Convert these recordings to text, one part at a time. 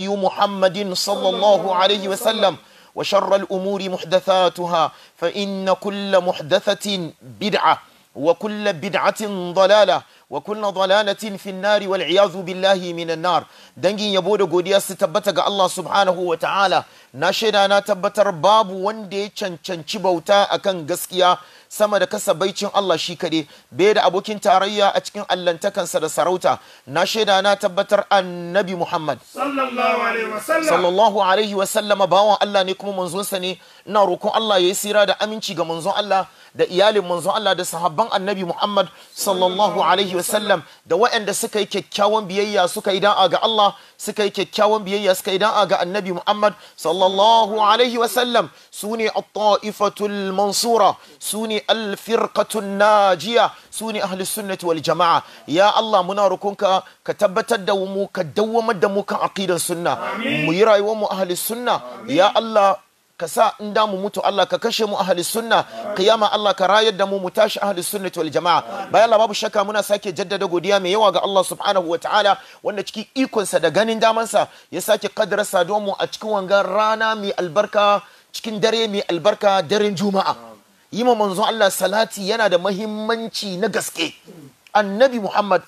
محمد صلى الله عليه وسلم وشر الأمور محدثاتها فإن كل محدثة بدعة وكل بدعة ضلالة wa kullu dalalatin fi an-nar wal iyazu billahi min nar dangin yabo da godiya su tabbata ga Allah subhanahu wa ta'ala na shaida na tabbatar babu wanda ya cancanci bauta akan gaskiya sama da kasabaicin Allah shi kade bai da abokin tarayya a cikin allantakansa da sarauta na shaida na tabbatar annabi Muhammad sallallahu alaihi wa sallama bawan Allah ne kuma manzonsa ne ina roƙon Allah ya yi sira da aminci ga manzon Allah da iyalin manzon Allah da sahabban annabi Muhammad sallallahu alaihi alaihi wasallam da waɗanda suka yi kyakkyawan biyayya suka yi da'a ga Allah suka yi kyakkyawan biyayya suka yi da'a ga annabi Muhammad sallallahu alaihi wasallam su ne at-ta'ifatul mansura su ne al-firqatun najiya su ne ahlus sunnati wal jama'a ya Allah muna rukunka ka tabbatar da mu ka dawwamar da mu kan aqidan sunna mu yi rayuwar mu ahlus sunna ya Allah ka sa in da mu mutu Allah ka kashe mu ahli sunna qiyama Allah ka rayar da mu mu tashi ahli sunnati wal jamaa bayan Allah babu shakka muna sake jaddada godiya mai yawa ga Allah subhanahu wa ta'ala wanda cikin ikon sa da ganin daman sa ya sake kaddara don mu a cikin wangan rana mai albarka cikin dare mai albarka daren juma'a yi ma manzo Allah salati yana da muhimmanci na gaske annabi Muhammad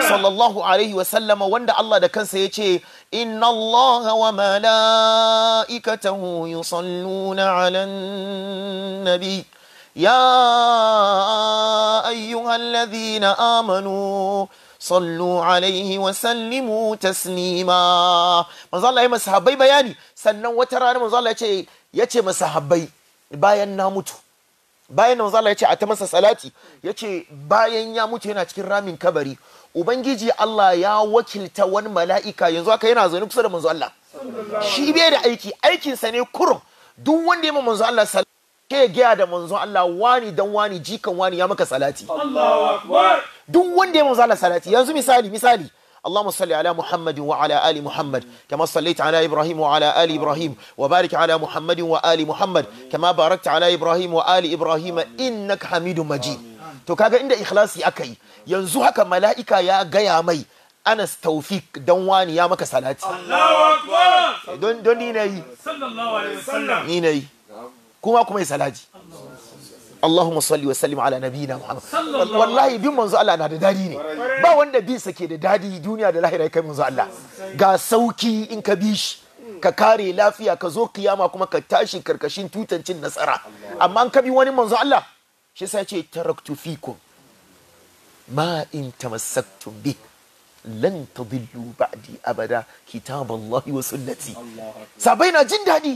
sallallahu alaihi wa sallama wanda Allah da kansa ya ce إن الله وملائكته يصلون على النبي يا أيها الذين آمنوا sallu alaihi wa sallimu taslima manzo Allah ya bayani sannan wata rana manzo Allah ya ce bayan na mutu bayan manzo Allah ya ce a ta masa salati yace bayan ya mutu yana cikin ramin kabari ubangiji Allah ya wakilta wani mala'ika yanzu aka yana zaune kusa da manzo Allah shi bai da aiki aikinsa ne kurum duk wanda ya ma manzo Allah salati ke gaya da manzo Allah wani dan wani jikan wani ya maka salati duk wanda ya manzo Allah salati yanzu misali misali اللهم صل على محمد وعلى آل محمد كما صليت على إبراهيم وعلى آل إبراهيم وبارك على محمد وآل محمد كما باركت على إبراهيم وآل إبراهيم إنك حميد مجيد to kaga inda ikhlasi aka yi yanzu haka mala'ika ya gaya mai anas taufik dan wani ya maka salati eh, don ni na yi. ni na yi. kuma kuma yi salati Allahumma salli wa sallim ala nabiyyina Muhammad wallahi bin manzo Allah na da dadi ne ba wanda bin sa ke da dadi duniya da lahira kai manzo Allah ga sauki in ka bi shi ka kare lafiya ka zo kiyama kuma ka tashi karkashin tutancin nasara amma an ka bi wani manzo Allah shi sai ce taraktu fikum ma in tamassaktum bi lan tadillu ba'di abada kitaballahi wa sunnati sabai na jin daɗi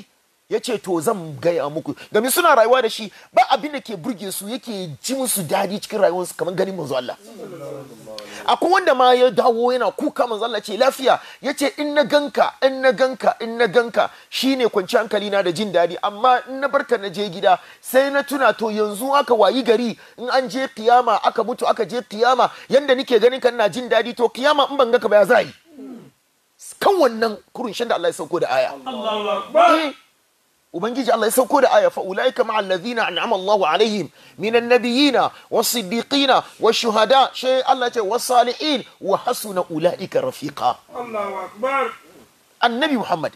yace to zan gaya muku domin suna rayuwa da shi ba abin da ke burge su yake ji musu daɗi cikin rayuwarsu kamar ganin manzo Allah akwai wanda ma ya dawo yana kuka manzo Allah ce lafiya yace ce in na ganka in na ganka in na ganka shine kwanci hankali na da jin daɗi amma in na barka na je gida sai na tuna to yanzu aka wayi gari in an je kiyama aka mutu aka je kiyama yanda nike ganin ka ina jin daɗi to kiyama in ban ga ka ba ya zai yi kan wannan kurun shan da Allah ya sauko da aya eh, ubangiji Allah ya sauko da aya fa ulaika ma alladhina an'ama Allahu alaihim minan nabiyina was-siddiqina wash-shuhada shay Allah ce was-salihin wa hasuna ulaika rafiqa Allahu akbar annabi Muhammad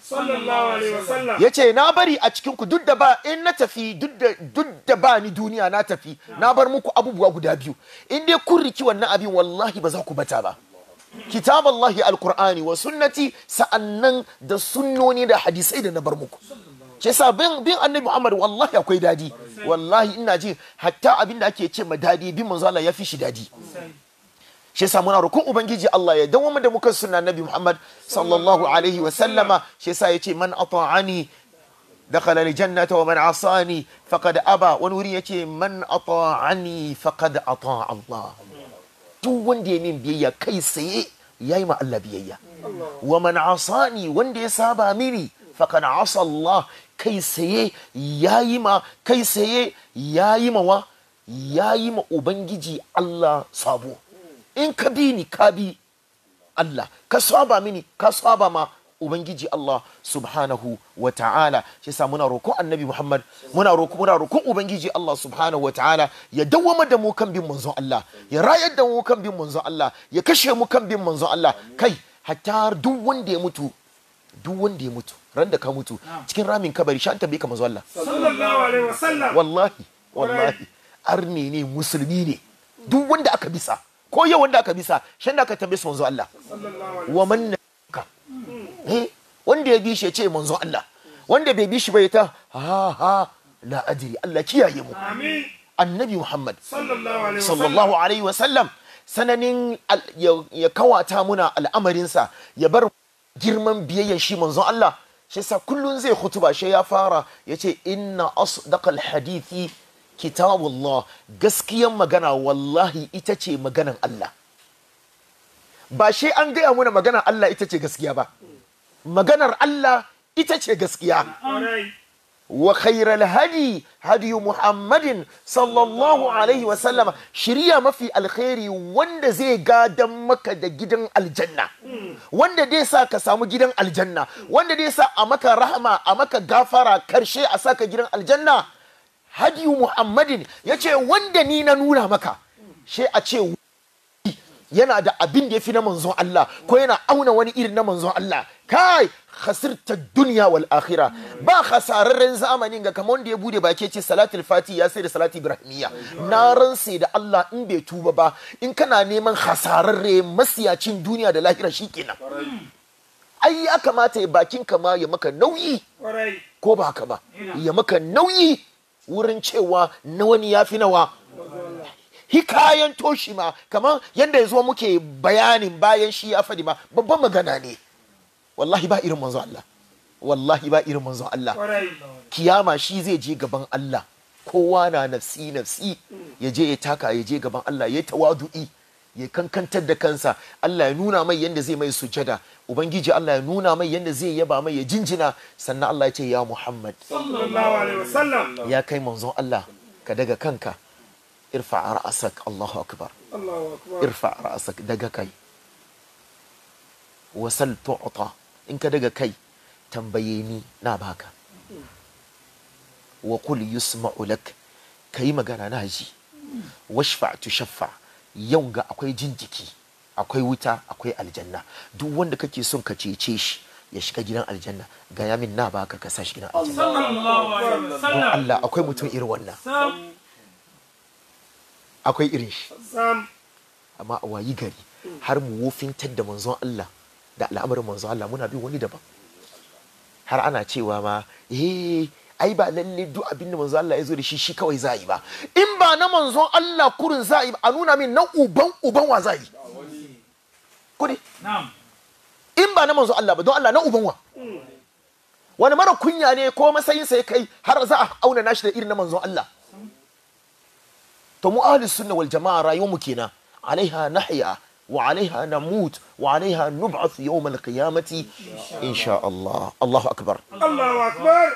ya ce na bari a cikinku duk da ba in na tafi duk da ba ni duniya na tafi na bar muku abubuwa guda biyu in dai kun riki wannan abin wallahi ba za ku bata ba kitab Allah alkur'ani wa sunnati sa'annan da sunnoni da hadisai da na bar muku shi sa bin bin annabi Muhammad wallahi akwai dadi wallahi ina ji hatta abin da ake ce ma dadi bin manzo Allah ya fishi shi dadi shi yasa muna rukun ubangiji Allah ya dawo da muka sunna nabi Muhammad sallallahu alaihi wa sallama shi yasa yace man ata'ani dakhala aljannata wa man asani faqad aba wani wuri yace man ata'ani faqad ata Allah duk wanda ya min biyayya kai tsaye yayi ma Allah biyayya wa man asani wanda ya saba mini faqad asa Allah kai saye ya yi ma kai saye ya yi ma wa ya yi ma ubangiji Allah sabo in ka bi ni ka bi Allah ka saba mini ka saba ma ubangiji Allah subhanahu wa ta'ala shi sa muna roƙon annabi Muhammad muna roƙo muna roƙon ubangiji Allah subhanahu wa ta'ala ya dawwama da mu kan bin manzon Allah ya rayar da mu kan bin manzon Allah ya kashe mu kan bin manzon Allah kai hatta duk wanda ya mutu duk wanda ya mutu ran da ka mutu cikin ramin kabari shan tambaye ka mazu Allah sallallahu alaihi wasallam wallahi wallahi arni ne musulmi ne duk wanda aka bisa ko yau wanda aka bisa shan da aka tambaye su manzo Allah wa man ka eh, wanda ya bi shi ya ce manzo Allah wanda bai bi shi bai ta ha ha la adri Allah kiyaye mu amin annabi Muhammad sallallahu alaihi sallam. sananin ya kawata muna al'amarinsa ya bar girman biyayya shi manzon Allah shi sa kullun zai ba shi ya fara ya ce inna asdaqal hadithi kitabullah gaskiyan magana wallahi ita ce maganan Allah ba shi an gaya mana maganar Allah ita ce gaskiya ba maganar Allah ita ce gaskiya wa khairal hadi hadiyu muhammadin sallallahu alaihi wa sallama shiriya mafi alkhairi wanda zai gadan maka da gidan aljanna wanda zai sa ka samu gidan aljanna wanda zai sa a maka rahma a maka gafara karshe a saka gidan aljanna hadiyu muhammadin yace wanda ni na nuna maka she a ce yana da abin da yafi na manzon Allah ko yana auna wani irin na manzon Allah kai khasirta duniya wal akhira ba khasararren zamanin ga kamar wanda ya bude baki ce salatul fati ya sai da salati ibrahimiya na ransa da Allah in bai tuba ba in kana neman khasararre masiyacin duniya da lahira shi shikenan ai ya kamata ya bakin kama ya maka nauyi ko ba haka ba ya maka nauyi wurin cewa na wani ya fi nawa hikayen toshi ma kamar yadda ya zo muke bayanin bayan shi ya fadi ma babban magana ne wallahi ba irin manzo Allah wallahi ba irin manzo Allah kiyama shi zai je gaban Allah kowa na nafsi nafsi mm. ya je ya taka ya je gaban Allah ya tawadu'i ya kankantar da kansa Allah ya nuna mai yadda zai mai sujada ubangiji Allah ya nuna mai yadda zai yaba mai ya jinjina sannan Allah ya ce ya Muhammad sallallahu alaihi wasallam ya kai manzo Allah ka daga kanka irfa ra'asak Allahu akbar Allahu akbar irfa ra'asak daga kai wasal tu'ta in ka daga kai tambaye ni na baka wa kul yusma'u lak kai magana na ji washfa tu shaffa yau ga akwai jinjiki akwai wuta akwai aljanna duk wanda kake son ka cece shi ya shiga gidan aljanna ga yamin na baka ka sa shi gidan aljanna don Allah akwai mutum irin wannan akwai irin shi amma a wayi gari har mu wofin da manzon Allah da al'amarin manzo Allah muna bin wani daban har ana cewa ma eh ai ba lalle duk abin da manzo Allah ya zo da shi shi kawai za yi ba in ba na manzo Allah kurin za yi a nuna min na uban uban wa za yi kudi in ba na manzo Allah ba don Allah na uban wa wani mara kunya ne ko matsayin sai kai har za a auna nashi da irin na manzo Allah to mu ahli sunna wal jama'a rayuwar mu kenan alaiha nahya وعليها نموت وعليها نبعث يوم القيامة إن شاء الله الله أكبر الله أكبر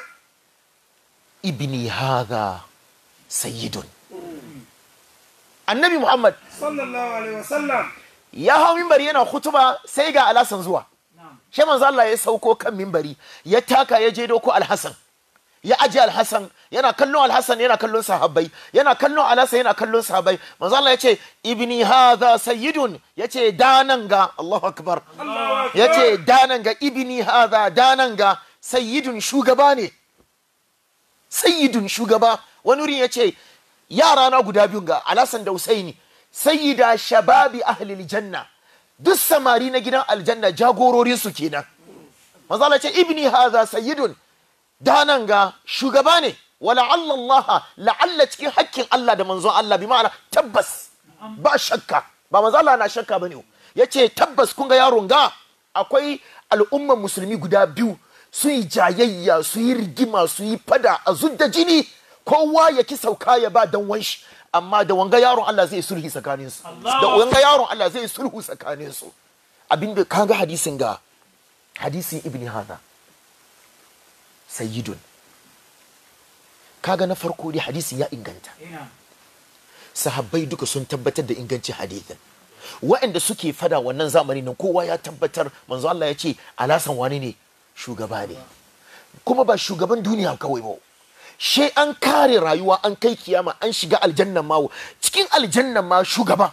ابني هذا سيد النبي محمد صلى الله عليه وسلم يا هو من برينا خطبة سيجا على سنزوا نعم. شما زال الله يسوكو كم من بري يتاكا يجيدوكو الحسن يا أجي الحسن yana kallon alhassan yana kallon sahabbai yana kallon alhassan yana kallon sahabbai manzo Allah yace ibni hadha sayyidun yace danan ga Allahu akbar yace danan ga ibni hadha danan ga sayyidun shugaba ne sayyidun shugaba wani wurin yace yara na guda biyun ga alhassan da usaini sayyida shababi ahli aljanna duk samari na gidan aljanna jagororin su kenan manzo Allah yace ibni hadha sayyidun danan ga shugaba ne Wala la'alla Allah la'alla cikin hakkin Allah da manzon Allah bi ma'ana tabbas ba shakka ba manzon Allah na shakka bane yace tabbas kun ga yaron ga akwai al'umman musulmi guda biyu su yi jayayya su yi rigima su yi fada a zudda jini kowa ya ki sauka ya ba dan wanshi amma da wanga yaron Allah zai sulhi tsakanin su da wanga yaron Allah zai sulhu tsakanin su abinda kaga hadisin ga hadisin ibni hana sayyidun kaga na farko dai hadisin ya inganta sahabbai duka sun tabbatar da inganci hadisin wa'anda suke fada wannan zamani nan kowa ya tabbatar manzo Allah ya ce alasan wani ne shugaba ne kuma ba shugaban duniya kawai ba she an kare rayuwa an kai kiyama an shiga aljannan ma cikin aljannan ma shugaba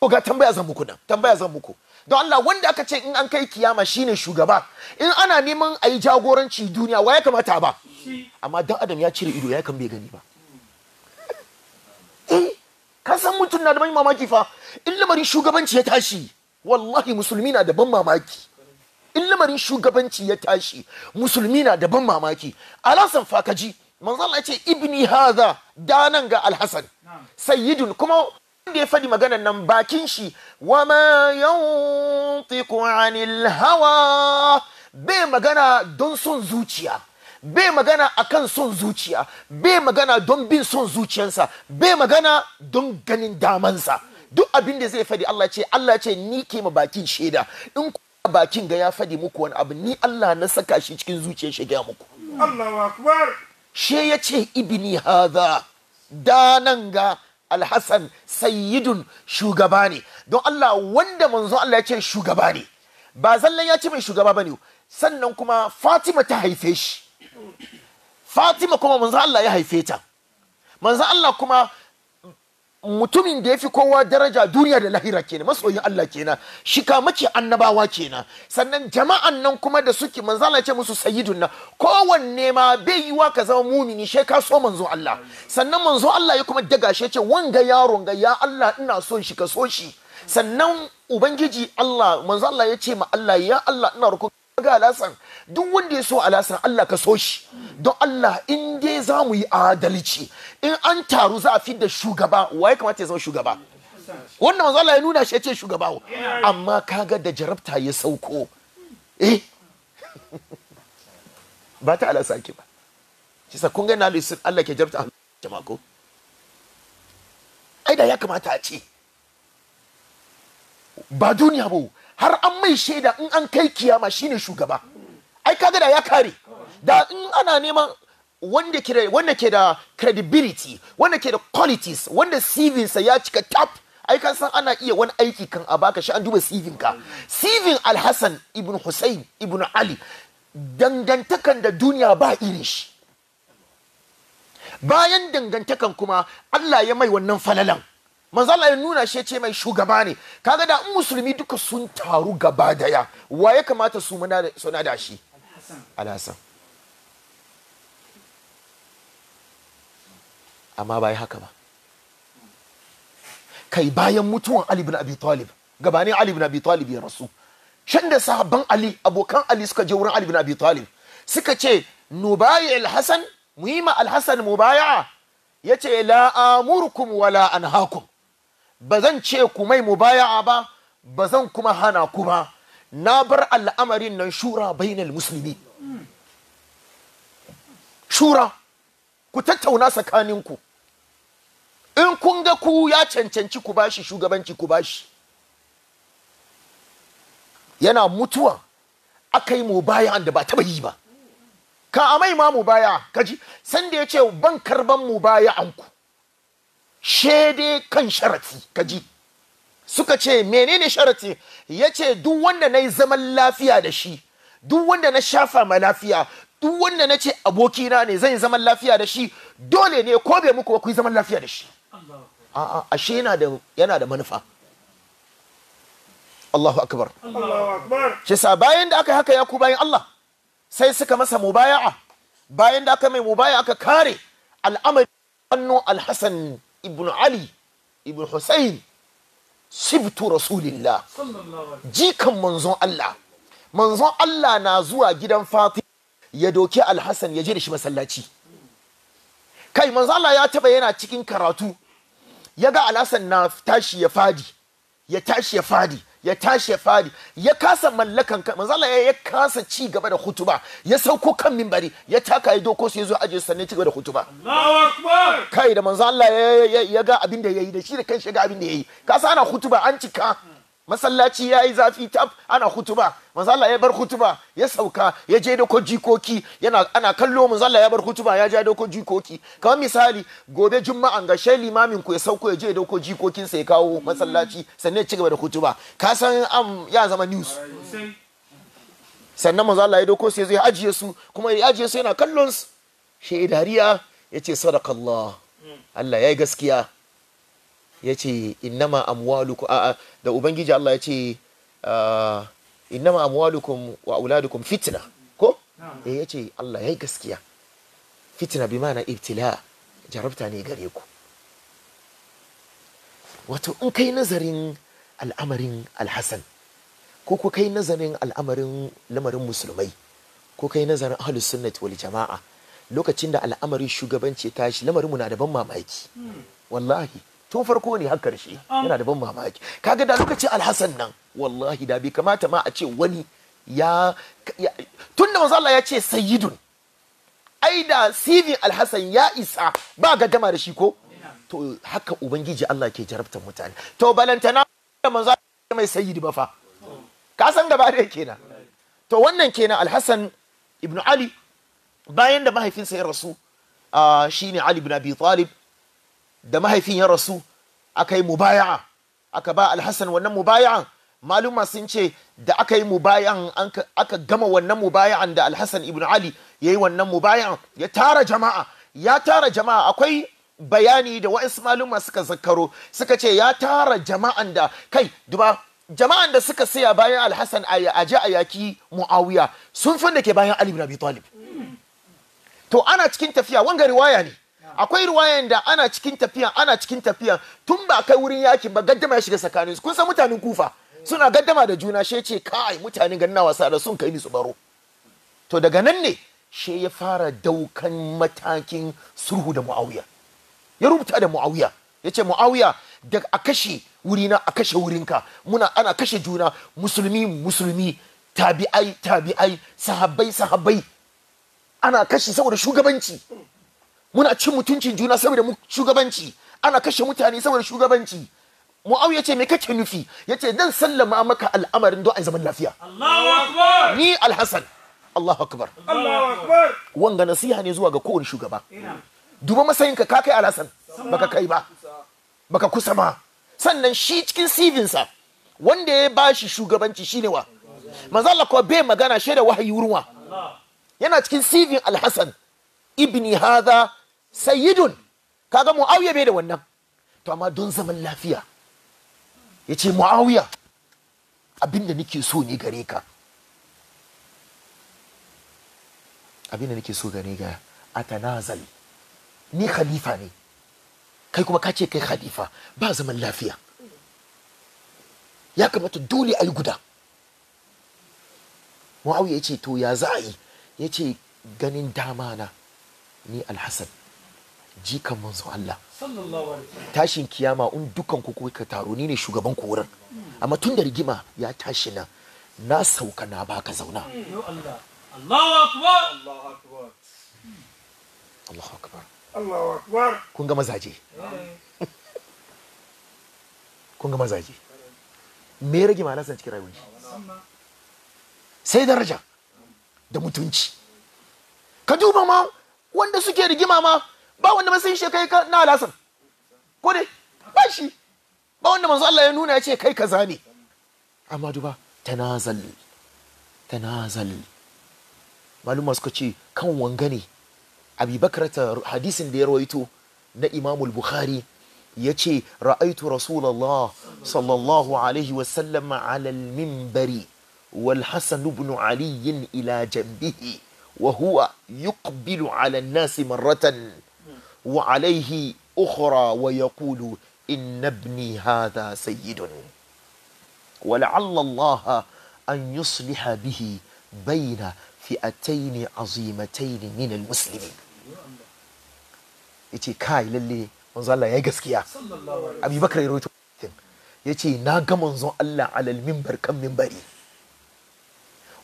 ko ga tambaya zan muku nan tambaya zan muku don Allah wanda aka ce in an kai kiyama shine shugaba in ana neman a yi jagoranci duniya wa ya kamata ba amma dan adam ya cire ido ya kan bai gani ba eh, ka san mutum na da ban mamaki fa in lamarin shugabanci ya tashi wallahi musulmi na da ban mamaki in lamarin shugabanci ya tashi musulmi na da ban mamaki alasan fakaji manzo Allah ce ibni hadha danan ga alhasan sayyidun kuma wanda ya fadi maganan nan bakin shi wa ma yantiqu anil hawa bai magana don son zuciya bai magana akan son zuciya bai magana don bin son zuciyarsa bai magana don ganin damansa duk abin da zai fadi Allah ce Allah ce ni ke ma bakin shaida in bakin ga ya fadi muku wani abu ni Allah na saka shi cikin zuciyar shi ga muku Allahu akbar she yace ibni hadha danan ga alhassan sayyidun shugaba ne don Allah wanda manzon Allah ya ce shugaba ne ba zallan ya ce mai shugaba bane sannan kuma Fatima ta haife shi fatima kuma manzo Allah ya haife ta manzo Allah kuma mutumin da ya fi kowa daraja duniya da lahira kenan masoyin Allah kenan shi maki annabawa kenan sannan jama'an nan kuma da suke manzo Allah ce musu sayyidun kowanne ma bai yi wa ka zama mumini shi ka so manzo Allah sannan manzo Allah ya kuma daga shi ce wanga yaron ga ya Allah ina son shi ka so shi sannan ubangiji Allah manzo Allah ya ce ma Allah ya Allah ina roƙo ga lasan duk wanda ya so alasan Allah ka so shi don Allah in dai za mu yi adalci in an taru za a fi da shugaba wa ya kamata ya zama shugaba wannan manzo Allah ya nuna shi ya ce shugaba amma kaga da jarabta ya sauko eh ba ta alasa ki ba shi sa kun ga na lisin Allah ke jarabta jama'a ko ai da ya kamata a ce ba duniya ba har an mai shaida in an kai kiyama shine shugaba ai kaga da ya kare da in ana neman wanda ke da wanda ke da credibility wanda ke da qualities wanda CV sa ya cika top ai kan san ana iya wani aiki kan a baka shi an duba CV ka CV al hasan ibn Hussein ibn Ali dangantakan da duniya ba irin shi bayan dangantakan kuma Allah ya mai wannan falalan manzo Allah ya nuna shi ce mai shugaba ne kaga da in musulmi duka sun taru gaba daya wa ya kamata su muna da shi alhassan amma bai haka ba kai bayan mutuwan ali bin abi talib gabanin ali bin abi talib ya rasu shan da sahabban ali abokan ali suka je wurin ali bin abi talib suka ce nubayi alhassan muhimma alhassan mubaya ya ce la amurkum wala hakun. ba zan ce ku mai mubaya'a ba ba zan kuma hana ku ba na bar al'amarin nan shura bainal musulmi shura ku tattauna tsakaninku in kun ga ku ya cancanci ku bashi shugabanci ku bashi yana mutuwa aka yi mubayan da ba taba yi ba ka amai ma mubaya kaji san da ya ce ban karban mubaya anku shede kan sharafi kaji suka ce menene sharati ya ce duk wanda na yi zaman lafiya da shi duk wanda na shafa ma lafiya duk wanda na ce abokina ne zan yi zaman lafiya da shi dole ne ko bai muku ku yi zaman lafiya da shi a'a ashe yana da yana da manufa Allahu akbar Allahu akbar bayan da aka haka yaku bayan Allah sai suka masa mubaya'a bayan da aka mai mubaya aka kare al'amari annu al-Hasan ibn Ali ibn husayn sibtu rasulillah jikan manzon Allah manzon Allah na zuwa gidan Fatima ya doki Alhassan ya je da shi masallaci kai manzon Allah ya taba yana cikin karatu ya ga Alhassan na tashi ya fadi ya tashi ya fadi ya tashi ya fadi ya kasa mallakan manzo Allah ya kasa ci gaba da hutuba ya sauko kan minbari ya taka ya doko su ya zo aje sannan ci gaba da hutuba Allahu akbar kai da manzo Allah ya ga abin da yayi da shi da kanshi ga abin da yayi kasa ana hutuba an cika masallaci ya yi zafi tab ana hutuba mazalla ya bar hutuba ya sauka ya je doko jikoki yana ana kallo mazalla ya bar hutuba ya je doko jikoki kamar misali gobe juma'a ga shai limamin ku ya sauko ya je doko jikokin sa ya kawo masallaci sannan ya ci gaba da hutuba ka san am ya zama news sannan mazalla ya doko sai zai ajiye su kuma ya ajiye su yana kallon su shi dariya ce sadakallah hmm. Allah ya yi gaskiya ya ce innama amwalukum a da ubangiji Allah ya ce innama amwalukum wa auladukum fitna ko eh ya ce Allah yayi gaskiya fitna bi mana ibtila jarabta ne gare ku wato in kai nazarin al'amarin alhassan ko ku kai nazarin al'amarin lamarin musulmai ko kai nazarin ahlus sunnati wal jama'a lokacin da al'amarin shugabanci tashi lamarin mu na da ban mamaki hmm. wallahi tun farko ne har karshe yana da ban mamaki kaga da lokacin alhassan nan wallahi da bai kamata ma a ce wani ya tun da manzo Allah ya ce sayyidun ai da sivin alhassan ya isa ba ga gama da shi ko to haka ubangiji Allah ke jarabta mutane to balantana da manzo mai sayyidi ba fa ka san gaba da kenan to wannan kenan alhassan ibnu ali bayan da mahaifinsa ya rasu ah, shi ne ali ibn abi talib da mahaifin ya rasu aka yi mubaya'a aka ba alhassan wannan mubaya'a maluma sun ce da aka yi mubaya'an aka gama wannan mubaya'an da alhassan ibn ali ya yi wannan mubaya'an ya tara jama'a ya tara jama'a akwai bayani da wa'insu maluma suka zakaro suka ce ya tara jama'an da kai duba jama'an da suka saya bayan alhassan a ayyaki a yaki muawiya sun fi da ke bayan ali ibn abi talib to ana cikin tafiya wanga riwaya ne akwai ruwayan da ana cikin tafiya ana cikin tafiya tun ba kai wurin yaki ba gaddama ya shiga tsakanin kun san mutanen kufa suna gaddama da juna she ce kai mutanen ganna wasa da sun kai ni su baro to daga nan ne she ya fara daukan matakin sulhu da muawiya ya rubuta da muawiya ya ce muawiya da a kashe wurina a kashe wurinka muna ana kashe juna musulmi musulmi tabi'ai tabi'ai sahabbai sahabbai ana kashe saboda shugabanci muna cin mutuncin juna saboda shugabanci ana kashe mutane saboda shugabanci Mu'awiya ce me kake nufi yace dan sallama maka al'amarin don ai zaman lafiya Allahu akbar ni Alhassan Allahu akbar Allahu akbar wanga nasiha ne zuwa ga kowane shugaba duba masayinka ka kai Alhassan baka kai ba baka kusa ma sannan shi cikin sa wanda ya bashi shugabanci shine wa manzo Allah ko bai magana shaida wahayi wurin yana cikin sivin Alhassan ibni hadha sayyidun kaga muawiya bai da wannan to amma don zaman lafiya ya ce muawiya abinda nake so ne gare ka abinda nake so gare ga atanazal ni khalifa ne kai kuma ka ce kai khalifa ba zaman lafiya ya kamata dole a yi guda muawiya yace to ya za a yi ya ganin dama na ni alhassan jikan manzo Allah tashin kiyama un dukan ku kuka taro ni ne shugaban ku wurin amma tun da rigima ya tashi na na sauka na baka zauna hmm. Allahu akbar Allahu akbar kun ga mazaje eh. kun ga mazaje me rigima na san cikin rayuwar sai daraja da mutunci ka duba ma wanda suke rigima ma ba wanda masayin shi kai na alasan ko ne ba shi ba wanda manzo Allah ya nuna ya ce kai kaza ne amma duba tanazal tanazal maluma suka ce kan wanga ne abubakar ta hadisin da ya rawaito na imamul bukhari ya ce ra'aitu rasulallah sallallahu alaihi wasallam alal mimbari wal hasan ibn ali ila jambihi wa huwa yuqbilu ala nasi wa alaihi ukhra wa yaqulu inna ibni hadha sayyidun wa la'alla Allah an yusliha bihi baina fi'atayn azimatayn min almuslimin yace kai lalle manzo Allah yayi gaskiya Abi Bakar ya rawaito yace na ga manzon Allah alal minbar kan minbari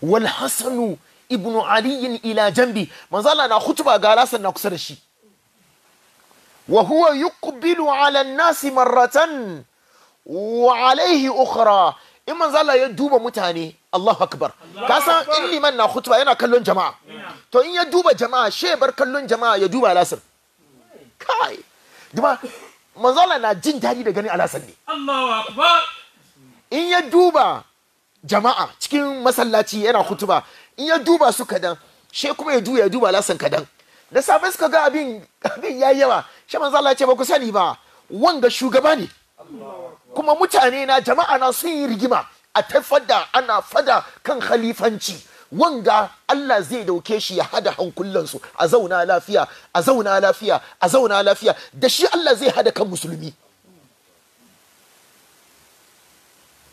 wal Hasanu ibnu Aliyun ila jambi manzo Allah na khutba ga na kusa da shi wa huwa yuqbilu ala nasi marratan wa alaihi in manzala ya duba mutane Allahu akbar ka san in liman na khutba yana kallon jama'a to in ya duba jama'a she bar kallon jama'a ya duba alasar kai manzala na jin daɗi da ganin alasar ne in ya duba jama'a cikin masallaci yana khutba in ya duba su kadan she ya duba ya duba alasar kadan da safe suka ga abin abin yayi yawa shi manzo Allah ya ce ba ku sani ba wanga shugaba ne kuma mutane na jama'a na sun yi rigima a ta da ana fada kan khalifanci wanga Allah zai dauke shi ya hada hankulansu a zauna lafiya a zauna lafiya a zauna lafiya da shi Allah zai hada kan musulmi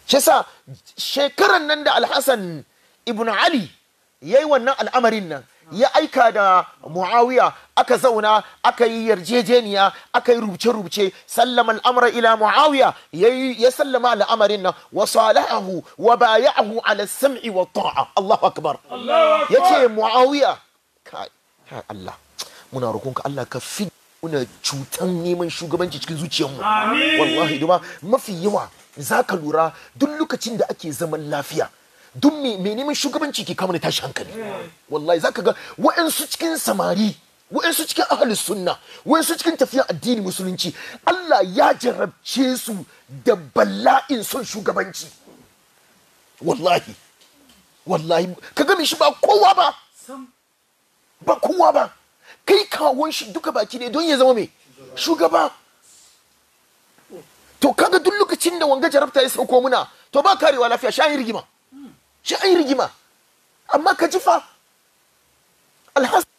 shi shekaran nan da alhassan ibn ali yayi wannan al'amarin nan ya aika da muawiya aka zauna aka yi yarjejeniya aka yi rubuce-rubuce sallama al'amra ila muawiya ya sallama al'amarin nan wa salahahu wa bayahu ala sam'i wa ta'a Allahu akbar yace muawiya ka Allah muna roƙonka Allah ka fi muna cutan neman shugabanci cikin zuciyarmu wallahi duma mafi yawa zaka lura duk lokacin da ake zaman lafiya duk mai neman shugabanci ke kama ne tashi hankali wallahi zaka ga wa'ansu cikin samari wa'ansu cikin ahalus sunna wa'ansu cikin tafiya addini musulunci Allah ya jarabce su da bala'in son shugabanci wallahi wallahi ka gami shi ba kowa ba ba kowa ba kai kawon shi duka baki ne don ya zama mai shugaba to kaga duk lokacin da wanga jarabta ya sauko muna to ba karewa lafiya shayin rigima shi an rigima amma ka ji fa alhassan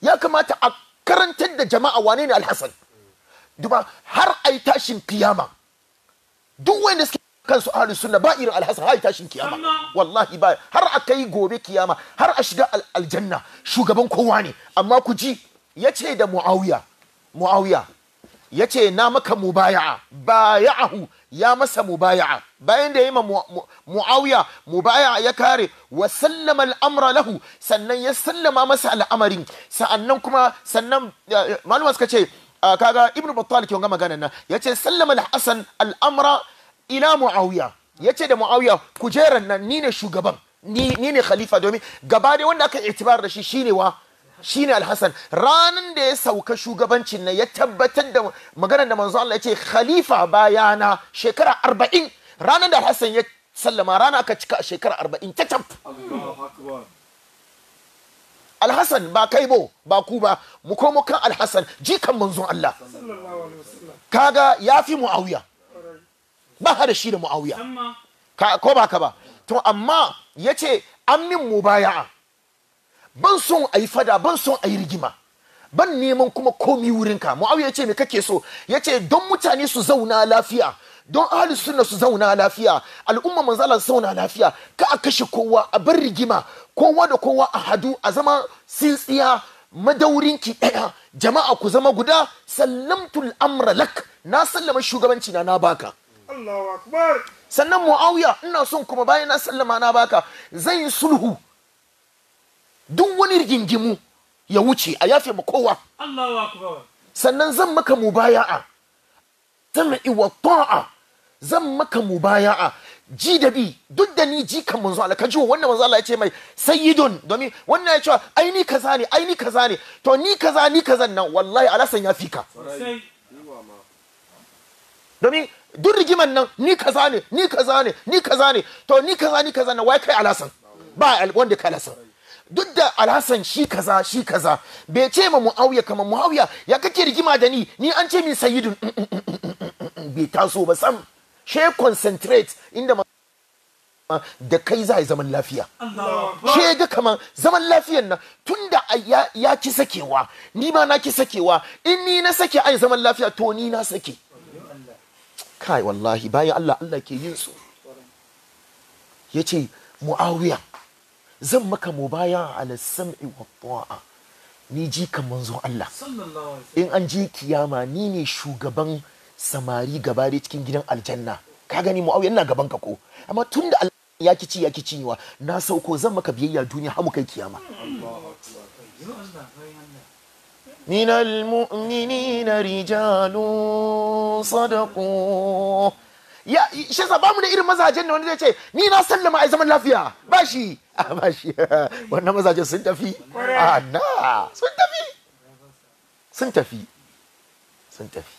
ya kamata a karantar da jama'a wane ne alhassan duba har ai tashin kiyama duk wanda suke kansu ahlus sunna ba irin alhassan har ai tashin kiyama wallahi ba har a kai gobe kiyama har a shiga aljanna shugaban kowa ne amma ku ji yace da muawiya muawiya yace na maka mubaya'a baya'ahu ya masa mubaya'a bayan da ya yi ma muawiya mubaya'a ya kare wa sallama al'amra lahu sannan ya sallama masa al'amarin sa'annan kuma sannan malumar suka ce kaga ibnu battal ke wanga magana nan ce sallama al'asan hasan al'amra ila muawiya ce da muawiya kujerar nan ni ne shugaban ni ne khalifa domin gaba dai wanda aka itibar da shi shine wa shine alhassan ranan da ya sauka shugabancin na ya tabbatar da maganar da manzo Allah ya khalifa bayana shekara arba'in ranan da alhassan ya sallama rana aka cika shekara arba'in ta tab alhassan ba kai bo ba ku ba mu komo kan alhassan jikan manzon Allah kaga ya fi mu'awiya ba hada shi da mu'awiya ko ba ka ba to amma yace an min mubaya'a ban son a yi fada ban son a yi rigima ban neman kuma komi wurinka mu'awiya ya ce me kake so ya ce don mutane su zauna lafiya don ahli sunna su zauna lafiya al'umma manzo Allah su zauna lafiya ka a kashe kowa a bar rigima kowa da kowa a hadu a zama sintsiya madaurinki ɗaya jama'a ku zama guda sallamtul amra lak na sallama shugabanci na na baka Allahu akbar sannan muawiya ina son kuma bayan na sallama na baka zan yi sulhu duk wani rigingimu ya wuce a yafe ma kowa sannan zan maka mubaya'a sami'i wa ta'a zan maka mubaya'a ji da bi duk da ni ji kan manzo Allah ji wannan manzo Allah ya ce mai sayyidun domin wannan ya ce ai ni kaza ne ai ni kaza ne to ni kaza ni kaza nan wallahi alasan ya fika domin duk rigiman nan ni kaza ne ni kaza ne ni kaza ne to ni kaza ni kaza nan wai kai alasan ba wanda kai alasan duk da alhassan shi kaza shi kaza bai ce ma muawiya kamar muawiya ya kake rigima da ni ni an ce min sayidun bai taso ba sam she concentrate inda ma da kai za zaman lafiya she ga kamar zaman lafiyan nan da ya ki sakewa ni ma na ki sakewa in ni na sake ai zaman lafiya to ni na sake kai wallahi bayan Allah Allah ke yin su Ya ce muawiya zan maka mubaya ala sam'i wa ta'a ni ji kan manzo Allah in an ji kiyama ni ne shugaban samari gaba da cikin gidan aljanna ka gani mu'awiya na gaban ka ko amma tunda Allah ya kici ya kici niwa na sauko zan maka biyayya duniya har mu kai kiyama من المؤمنين رجال صدقوا ya shi ba mu da irin mazajen da wani zai ce ni na sallama ai zaman lafiya ba shi shi wannan mazajen sun tafi a ah, na sun tafi sun tafi sun tafi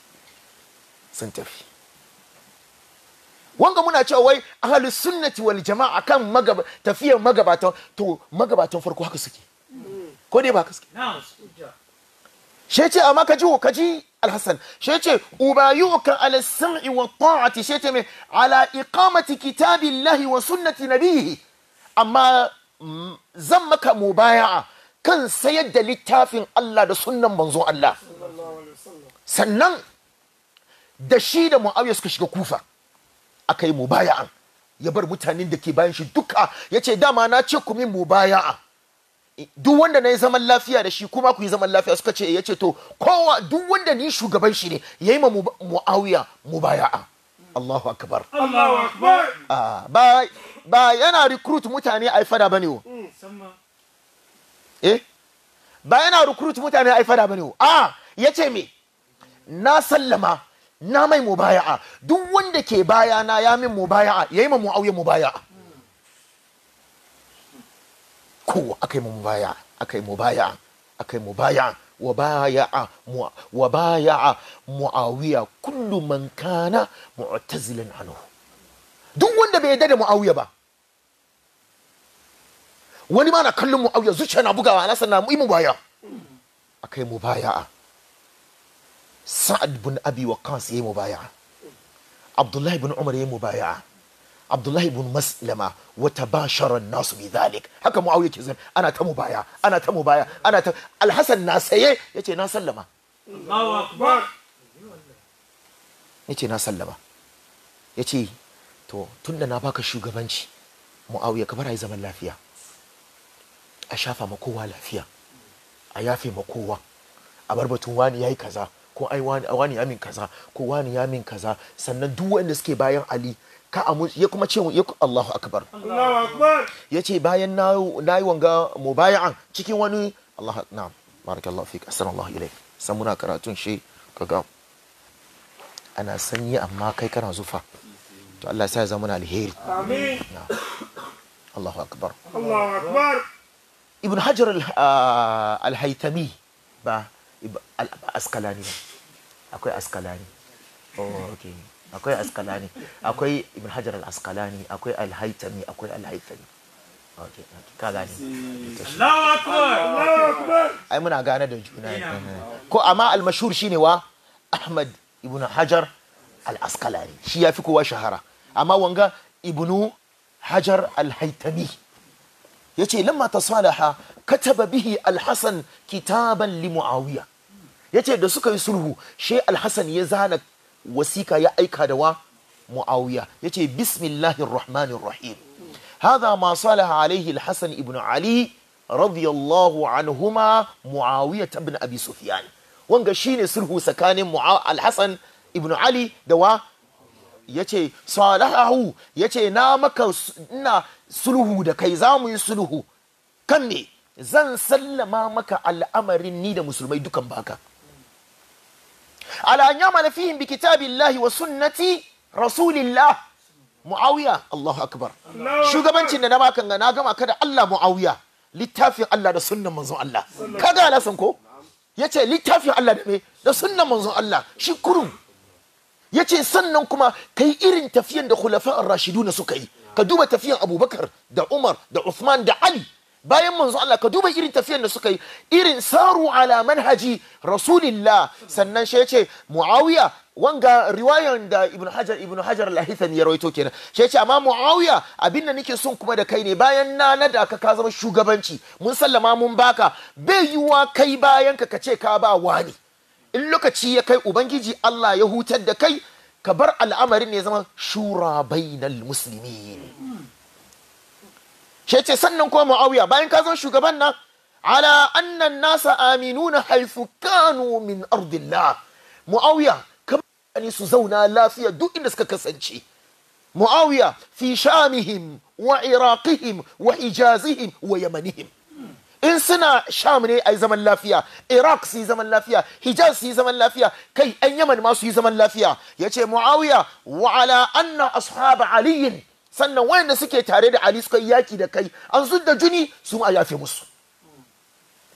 sun tafi wanga muna cewa wai ahli sunnati wal jama'a kan tafiyar magabatan to magabatan farko haka suke ko dai ba haka suke shi ce amma ka ji ka ji alhassan shi ce ubayuka ala sam'i wa ta'ati shi ce mai ala iqamati kitabillahi wa sunnati nabihi amma mm, zan maka mu mubaya'a kan sayar da littafin Allah da sunan manzon Allah sannan da shi da Muawiya suka shiga Kufa aka yi mubaya'an ya bar mutanen da ke bayan shi duka ya ce dama na ce ku min mubaya'a duk wanda na yi zaman lafiya da shi kuma ku yi zaman lafiya suka ce ya ce to kowa duk wanda ni shugaban shi ne ya yi ma Muawiya mubaya'a Allahu akbar Allahu akbar ah ba ba yana recruit mutane a fada bane wo hmm, eh ba yana recruit mutane ai fada bane wo ah yace me na sallama na mai mubaya'a duk wanda ke baya na ya min mubaya'a yayi ma muawiya mubaya'a kowa akai mubaya'a akai mubaya'a akai mubaya'a Wa وبايع a mu'awiya kullu man kana mu'tazilin anu duk wanda bai yarda da mu'awiya ba wani ma na kallon mu'awiya zuciya na bugawa na sanna mu baya akai mu baya sa'ad bin abi waqas yayi mu baya abdullahi bin umar yayi mu baya abdullahi ibn maslama wa tabashara nasu bi zalik haka muawiya ke zan ana ta mu baya, ana ta mu baya, ana ta alhasan na saye yace na sallama Allahu akbar yace na sallama yace to tunda na baka shugabanci muawiya ka bara zaman lafiya a shafa ma kowa lafiya a yafe ma kowa a bar batun wani yayi kaza ko ai wani wani yamin kaza ko wani yamin kaza sannan duk wanda suke bayan ali ka amu ya kuma ce ya Allahu akbar Allahu akbar yace bayan na nayi wanga mubay'an cikin wani Allah na'am barakallahu fik assalamu ilayk san muna karatun shi kaga ana sanyi amma kai kana zufa to Allah ya sa zama na alheri amin Allahu akbar Allahu akbar ibn hajar ah, al-haytami ba askalani akwai askalani oh okay akwai askalani akwai ibn hajar al-askalani akwai al-haitami akwai al-haitami ka gane ai muna gane da juna ko amma al-mashhur shine wa ahmad ibn hajar al-askalani shi ya fi kowa shahara amma wanga ibnu hajar al-haitami ya ce lamma tasalaha kataba bihi al-hasan kitaban li muawiya ya ce da suka yi sulhu she al-hasan ya zana wasika ya aika da wa muawiya yace bismillahir rahmanir rahim hadha ma salaha alaihi ibn ali radiyallahu anhuma muawiya ibn abi sufyan wanga shine sulhu tsakanin Alhassan ibn ali da wa yace salahahu yace na maka na sulhu da kai zamu yi sulhu kan ne zan sallama maka al'amarin ni da musulmai dukan baka على أن يعمل فيهم بكتاب wa وسنة rasulillah الله allahu akbar shugabancin da na أنا ga na gama ka da allah معاوية littafin Allah da sunnan manzon Allah kaga ala sanko yace littafin Allah da me da sunnan manzon Allah shi kurun yace sannan kuma yi irin tafiyan da khulafa rashidu rashiduna suka yi ka duba tafiyan Abubakar da Umar da Uthman da Ali bayan manzo Allah ka duba irin tafiyar da suka yi irin saru ala manhaji rasulillah sannan shi yace muawiya wanga riwayar da ibn hajar ibn hajar al-haythami ya rawaito kenan shi yace amma muawiya abin da nake son kuma da kai ne bayan na nada ka ka zama shugabanci mun sallama mun baka bai yiwa kai bayan ka kace ka ba wani in lokaci ya kai ubangiji Allah ya hutar da kai ka bar al'amarin ne zama shura bainal muslimin ke ce sannan kuma muawiya bayan ka zan shugaban nan ala annan nasa Aminu haifu kanu min ardillah muawiya kamar su zauna lafiya duk inda suka kasance muawiya fi shamihim wa iraqihim wa ijazihim wa yamanihim in suna sham ne a yi zaman lafiya iraq su yi zaman lafiya hijaz su yi zaman lafiya kai yan yaman ma su yi zaman lafiya ya ce muawiya wa ala anna ashab aliyin sannan wayanda suke tare da ali suka yi yaki da kai an da juni su ma yafe musu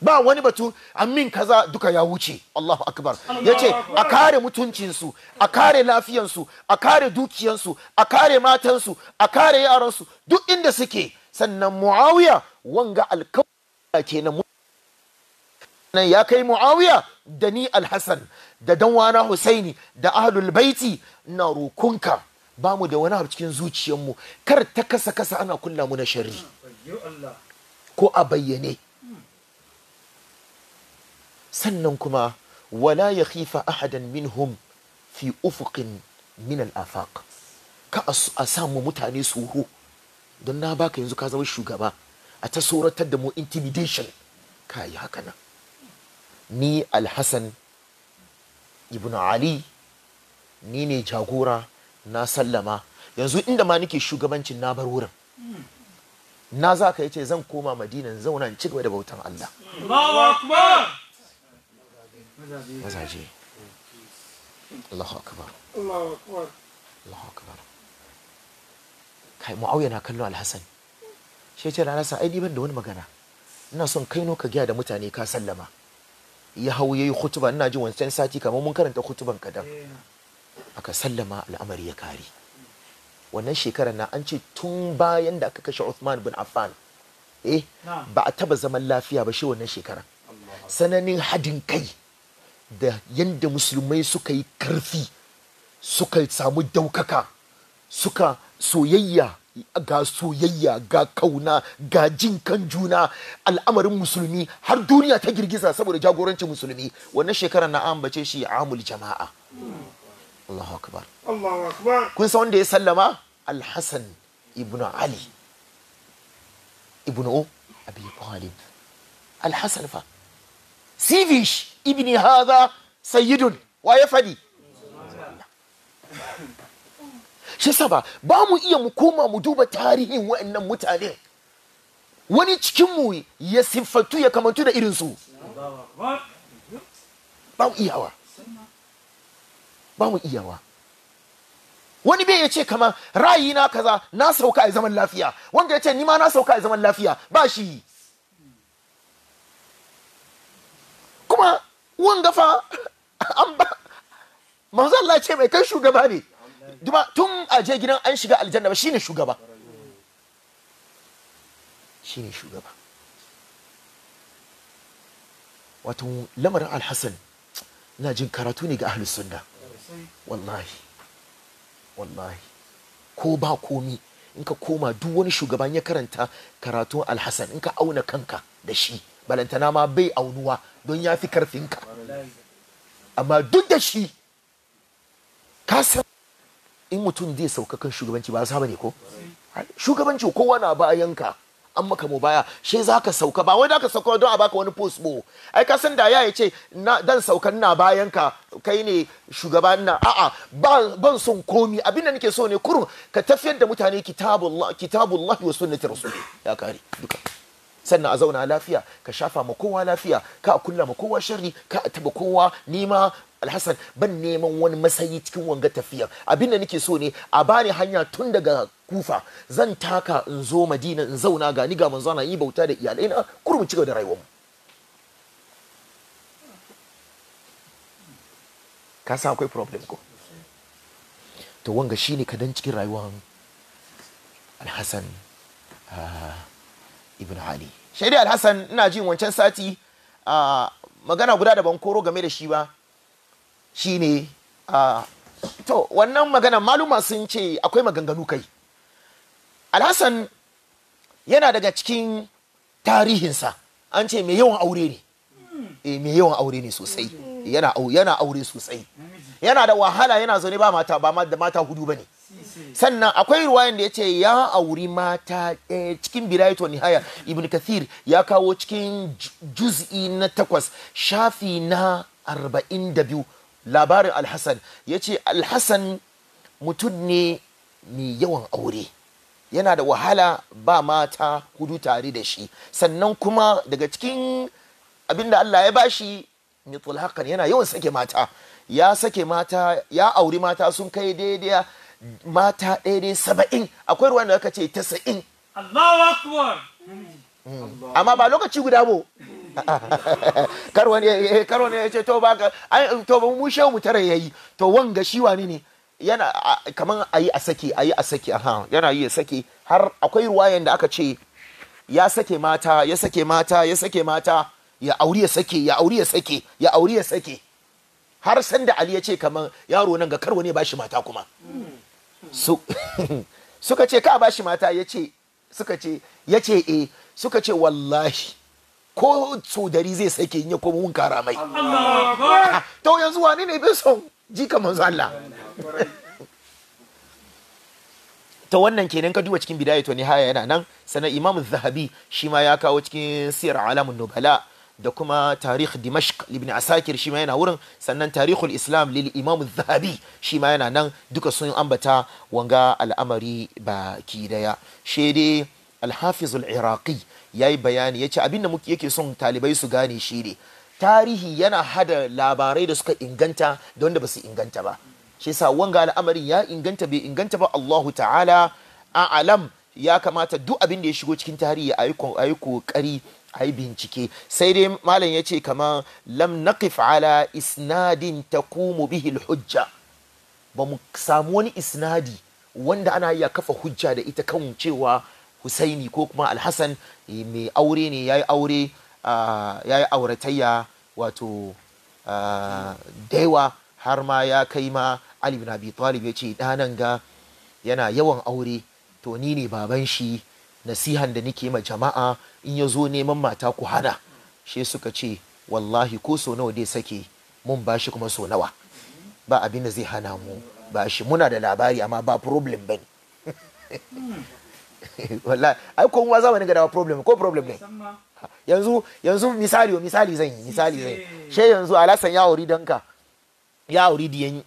ba wani batu amin kaza duka ya wuce Allahu akbar Ya ce a kare mutuncinsu a kare lafiyansu a kare dukiyansu a kare matansu a kare yaransu duk inda suke sannan muawiya wanga alkawari kenan nan ya kai muawiya da ni alhassan da danwana husaini da ahlul baiti na rukunka Bamu da wani abu cikin zuciyarmu kar ta kasa kasa ana kulla mu na sharri ko a bayyane sannan kuma wala ya khifa ahadan minhum fi ufuqin min al-afaq ka a samu mutane suhu don na baka yanzu ka zama shugaba a ta tsoratar da mu intimidation ka yi haka nan ni alhassan ibn ali ni ne jagora na sallama yanzu inda ma nake shugabancin na bar wurin na za ka yace zan koma madina in zauna in ci gaba da bautan Allah mazaje Allahu akbar Allahu akbar kai Muawiya na kallo alhasan shi ce rana sa ai ban da wani magana ina son kaino ka gaya da mutane ka sallama ya hau yayi khutba ina ji wancan sati kamar mun karanta khutban kadan eh. aka sallama al'amari ya kare wannan shekarar na an ce tun bayan da aka kashe Uthman bin Affan eh ba a taba zaman lafiya ba shi wannan shekara. sananin hadin kai da yadda musulmai suka yi karfi suka samu daukaka suka soyayya ga soyayya ga kauna ga jin kan juna al'amarin musulmi har duniya ta girgiza saboda jagorancin musulmi wannan shekarar na bace shi amul jama'a hmm. Allahu akbar Allahu akbar kun san wanda ya sallama Al-Hasan ibn Ali ibn Abi Talib Al-Hasan fa Sivish ibn hadha sayyidun wa ya fadi shi saba ba mu iya mu koma mu duba tarihin wa'annan mutane wani cikin mu ya siffatu ya kamantu da irinsu ba iyawa ba mu iyawa wani bai ya ce kamar ra'ayi na kaza na sauka a zaman lafiya wanda ya ce ni ma na sauka a zaman lafiya ba shi kuma wanda fa an ba manzo Allah ce mai kai shugaba ne tun a je gidan an shiga aljanna ba shine shugaba shine shugaba wato lamarin alhassan na jin karatu ne ga ahlus sunna wallahi wallahi ko ba komi in ka koma duk wani shugaban ya karanta karatun alhassan in ka auna kanka da shi balantana ma bai aunuwa don ya fi karfinka amma duk da shi ka san in mutum zai saukakan shugabanci ba sa ne ko shugabanci kowa na bayanka an maka mu baya shi za ka sauka ba wai za ka sauka don a baka wani post bo ai ka san da ya ce dan sauka ina bayan ka kai ne shugaba ina a'a ban son komi abin da nake so ne kurun. ka tafiyar da mutane kitabullah kitabullah wa sunnati rasul ya kare duka sannan a zauna lafiya ka shafa ma kowa lafiya ka a kulla ma kowa sharri ka a taba kowa nima alhassan ban neman wani masayi cikin wanga tafiyar abin da nake so ne a bani hanya tun daga kufa zan taka in zo madina in zauna ga ni ga manzo na yi bauta da iyalai na kurum ci da rayuwar ka san akwai problem ko to wanga shine kadan cikin rayuwar alhassan ah, ibn ali shaidai alhassan ina jin wancan sati ah, magana guda da ban koro game da shi ba shine a to wannan magana maluma sun ce akwai maganganu kai alhassan yana daga cikin tarihinsa an ce mai yawan aure ne eh, mai yawan aure ne sosai yana aure sosai yana da wahala yana zaune ba mata ba da mata hudu ne. sannan akwai ruwayan da ya ce ya auri mata eh, cikin birayto nihaya ibn kathir ya kawo cikin juz'i na takwas shafi na arba'in da biyu labarin alhassan ya ce alhassan mutum ne mai yawan aure yana da wahala ba mata hudu tare da shi sannan kuma daga cikin abin da Allah ya bashi mitul hakan yana yawan sake mata ya sake mata ya auri mata sun kai daidai mata daidai saba'in akwai ruwan da aka ce tasa'in hmm. amma ba lokaci guda ba. kar wani eh, kar ya ce to ba ka to ba mu shehu mu tare yayi to wanga shi wani ne yana kaman ayi a saki ayi a saki aha yana yi a saki har akwai ruwayan da aka ce ya sake mata ya sake mata ya sake mata ya aure ya sake ya aure ya sake ya aure ya sake har sanda Ali ya ce kaman yaro nan ga kar wani ba shi mata kuma su suka ce ka ba shi mata ya ce suka ce ya ce eh suka ce wallahi ko dari zai sake in ya koma mun kara mai to yanzu wani ne bai son jika manzo Allah ta wannan kenan ka duba cikin bidaya to nihaya yana nan sanan Imam zahabi shi ma ya kawo cikin siyar alamun nubala da kuma tarikh dimashq ibn asakir shi ma yana wurin sannan tarihul islam lil imam zahabi shi ma yana nan duka sun ambata wanga al'amari baki daya shede al-hafiz al-iraqi ya yi bayani ya ce abin da muke yake son talibai su gane shi ne tarihi yana hada labarai da suka inganta da wanda ba su inganta ba shi yasa wanga al'amarin ya inganta bai inganta ba Allahu ta'ala alam ya kamata duk abin da ya shigo cikin tarihi a yi kokari a yi bincike sai dai malam ya ce kamar lam naqif ala isnadin takumu bihi hujja ba mu samu wani isnadi wanda ana iya kafa hujja da ita kan cewa Husaini ko kuma Alhassan Eh, mai aure ne ya yi aure ya yi auratayya wato daiwa har ma ya kai ma Ali bin Abi Talib ya ce ɗanan ga yana yawan aure to ni ne baban shi nasihan da nake ma jama'a in ya zo neman mata ku hana shi suka ce wallahi ko so nawa dai sake mun ba shi kuma so nawa ba abin da zai hana mu ba shi muna da labari amma ba problem bane wallahi ai ko ma zamanin gadawa problem ko problem ne yanzu yanzu misali misali zan yi misali zan yi she yanzu alasan ya auri danka ya auri diyan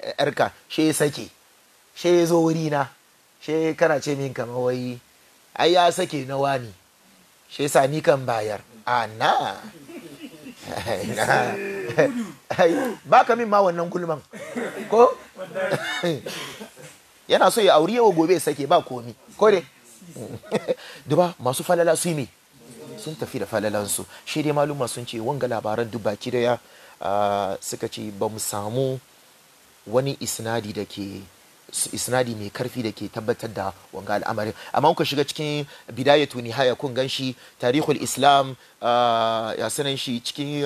eh, yarka she ya sake she ya zo wuri na she kana ce min kamar wai ai ya sake na wani she sa ni kan bayar a na ba ka min ma wannan gulman ko yana so ya auri yawa gobe sake ba komi ko dai duba masu falala su yi sun tafi da falalansu shi dai maluma sun ce wanga labaran duk baki ya suka ce ba mu samu wani isnadi da ke isnadi mai karfi da ke tabbatar da wanga al'amarin amma kuka shiga cikin bidayatu haya kun gan shi tarihul islam ya sanan shi cikin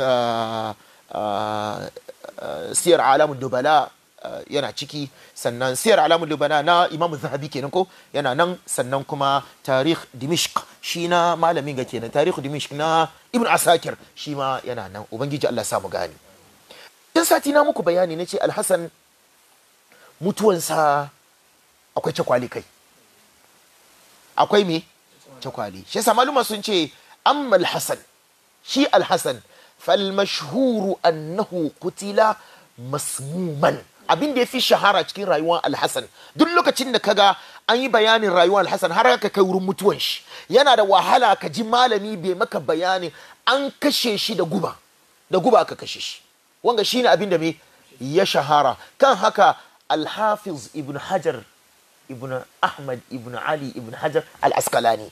siyar alamun dubala Eh, yana ciki sannan siyar alamun libana na imamu zahabi kenan ko yana nan sannan kuma tarih dimishk shi na malamin ga kenan tarih dimishk na ibn asakir shi ma yana nan ubangiji allah samu gani tun sati na muku bayani na ce alhassan mutuwansa akwai cakwali kai akwai me cakwali shi yasa maluma sun ce amma alhassan shi alhassan falmashuru annahu kutila masmuman abin da ya fi shahara cikin rayuwar alhassan duk lokacin da kaga an yi bayanin rayuwar alhassan har ka kai wurin mutuwan shi yana da wahala ka ji malami bai maka bayanin an kashe shi da guba da guba ka kashe shi wanga shine abin da me ya shahara kan haka alhafiz ibn hajar ibn ahmad ibn ali ibn hajar al-askalani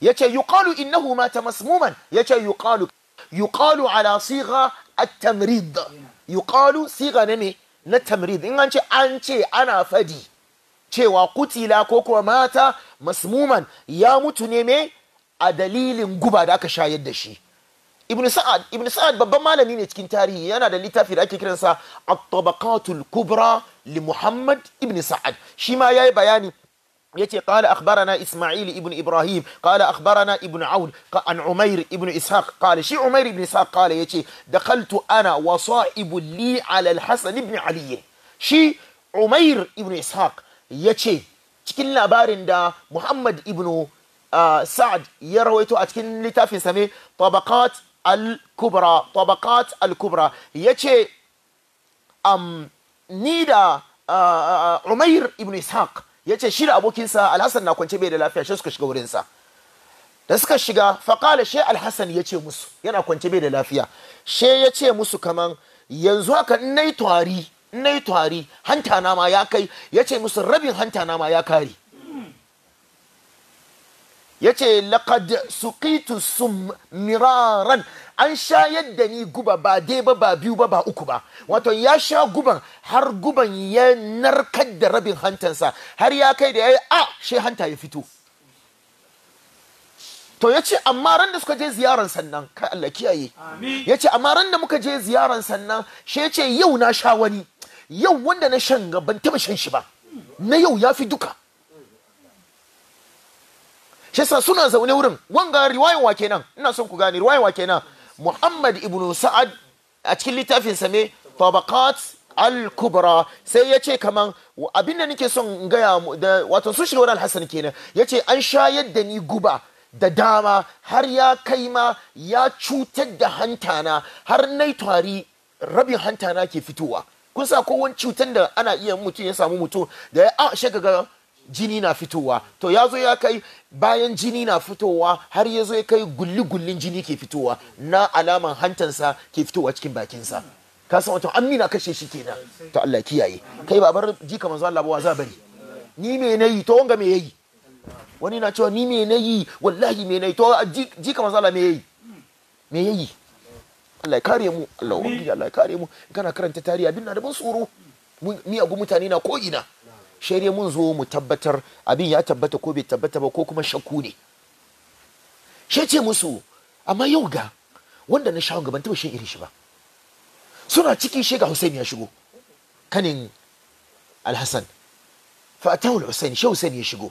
yace yuqalu innahu mata masmuman yace yuqalu yuqalu ala sigha at-tamrid yuqalu na ne na tamrid in an ce an ce ana fadi cewa kutila ko kuma mata masmuman ya mutu ne me a dalilin guba da aka shayar da shi ibn sa'ad ibn sa'ad babban malami ne cikin tarihi yana da littafi da ake kiransa at-tabaqatul kubra li muhammad ibn sa'ad shi ma yayi bayani yace qala akhbarana isma'il ibn ibrahim qala akhbarana ibn aud an umair ibn ishaq qala shi umair ibn ishaq qala yace dakhaltu ana wa sahibu li ala al ibn ali shi umair ibn ishaq yace cikin labarin da muhammad ibn sa'ad ya rawaito a cikin littafin sa ne tabaqat al-kubra tabaqat al-kubra yace am ni da umair ibn ishaq ya ce shi da abokinsa alhassan na kwance bai da lafiya shi suka shiga wurinsa da suka shiga faƙala shi alhassan ya ce musu yana kwance bai da lafiya shi ya ce musu kaman yanzu haka in na yi in na yi hanta na ma ya kai ya ce musu rabin hanta na ma ya kare ya ce su suqitu sum miraran an sha yadda ni guba ba dai ba ba biyu ba ba uku ba wato ya sha guban har guban ya narkar da rabin hantansa har ya kai da ya yi a she hanta ya fito to ya ce amma ran da suka je ziyaran sannan kai Allah kiyaye ya ce amma ran da muka je ziyaran sannan she ce yau na sha wani yau wanda na shan ban taba shan shi ba na yau ya fi duka yasa suna zaune wurin wanga riwayan wa kenan ina son ku gane riwayan wa kenan Muhammad ibn Sa'ad a cikin littafin sa me Tabaqat al-kubra sai ya ce kaman abin da nake son gaya da wato su shiga al-hasan kenan yace an shayar da ni guba da dama har ya kai ma ya cutar da hantana har nai tari rabin hantana ke fitowa kun sa kowanne cutar da ana iya mutum ya samu mutum da ya a ah, shaka jini na fitowa to ya zo ya kai bayan jini na fitowa har ya zo ya kai gulli-gullin jini ke fitowa na alaman hantansa ke fitowa cikin bakinsa ka san wato amina kashe shi kenan to Allah kiyaye kai babar ji kamar zuwa Allah ba za bari ni me yi to wanga me yayi wani na cewa ni me yi wallahi me yi to ji kamar zuwa me yayi me yayi Allah ya kare mu Allah ya kare mu kana karanta tarihi abin na da ban tsoro abu mutane na ko ina shirye mun zo mu tabbatar abin ya tabbata ko bai tabbata ba ko kuma shakku ne shi ce musu amma yau ga wanda na shawo gaban taba shi irin shi ba suna cikin shega Hussein ya shigo kanin Alhassan fa atahu Hussein shi Hussein ya shigo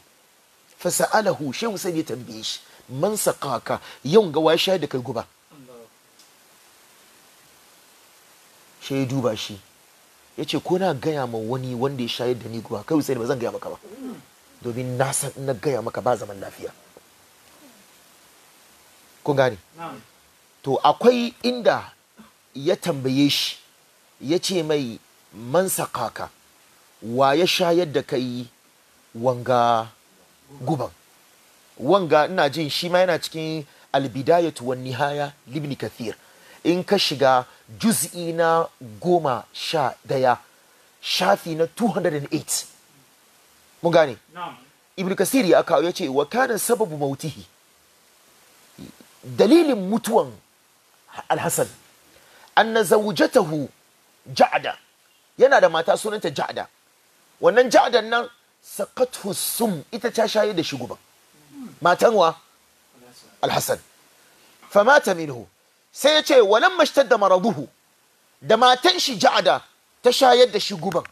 fa sa'alahu shi Hussein ya tambaye shi man sakaka yau ga wa shayar da kai guba shi ya duba shi ya ce ko na gaya ma wani wanda ya shayar da ni guba kai sai ba zan gaya maka ba domin na san na gaya maka ba zaman lafiya kun gane to akwai inda ya tambaye shi ya ce mai man sakaka wa ya shayar da kai wanga guban wanga ina jin shi ma yana cikin albidayatu wan nihaya libni kathir in ka shiga juz'i na goma sha daya shafi na 208 Mugane. gane ibn kasir ya kawo ya ce wa kana sababu mautihi dalilin mutuwan alhassan anna zawjatahu ja'da yana da mata sunanta ja'da wannan ja'dan nan sakathu sum ita ta shaye da shi matan wa alhassan famata minhu sai ya ce walan mashtar da maraduhu da matan shi ja'ada ta shayar da shi guban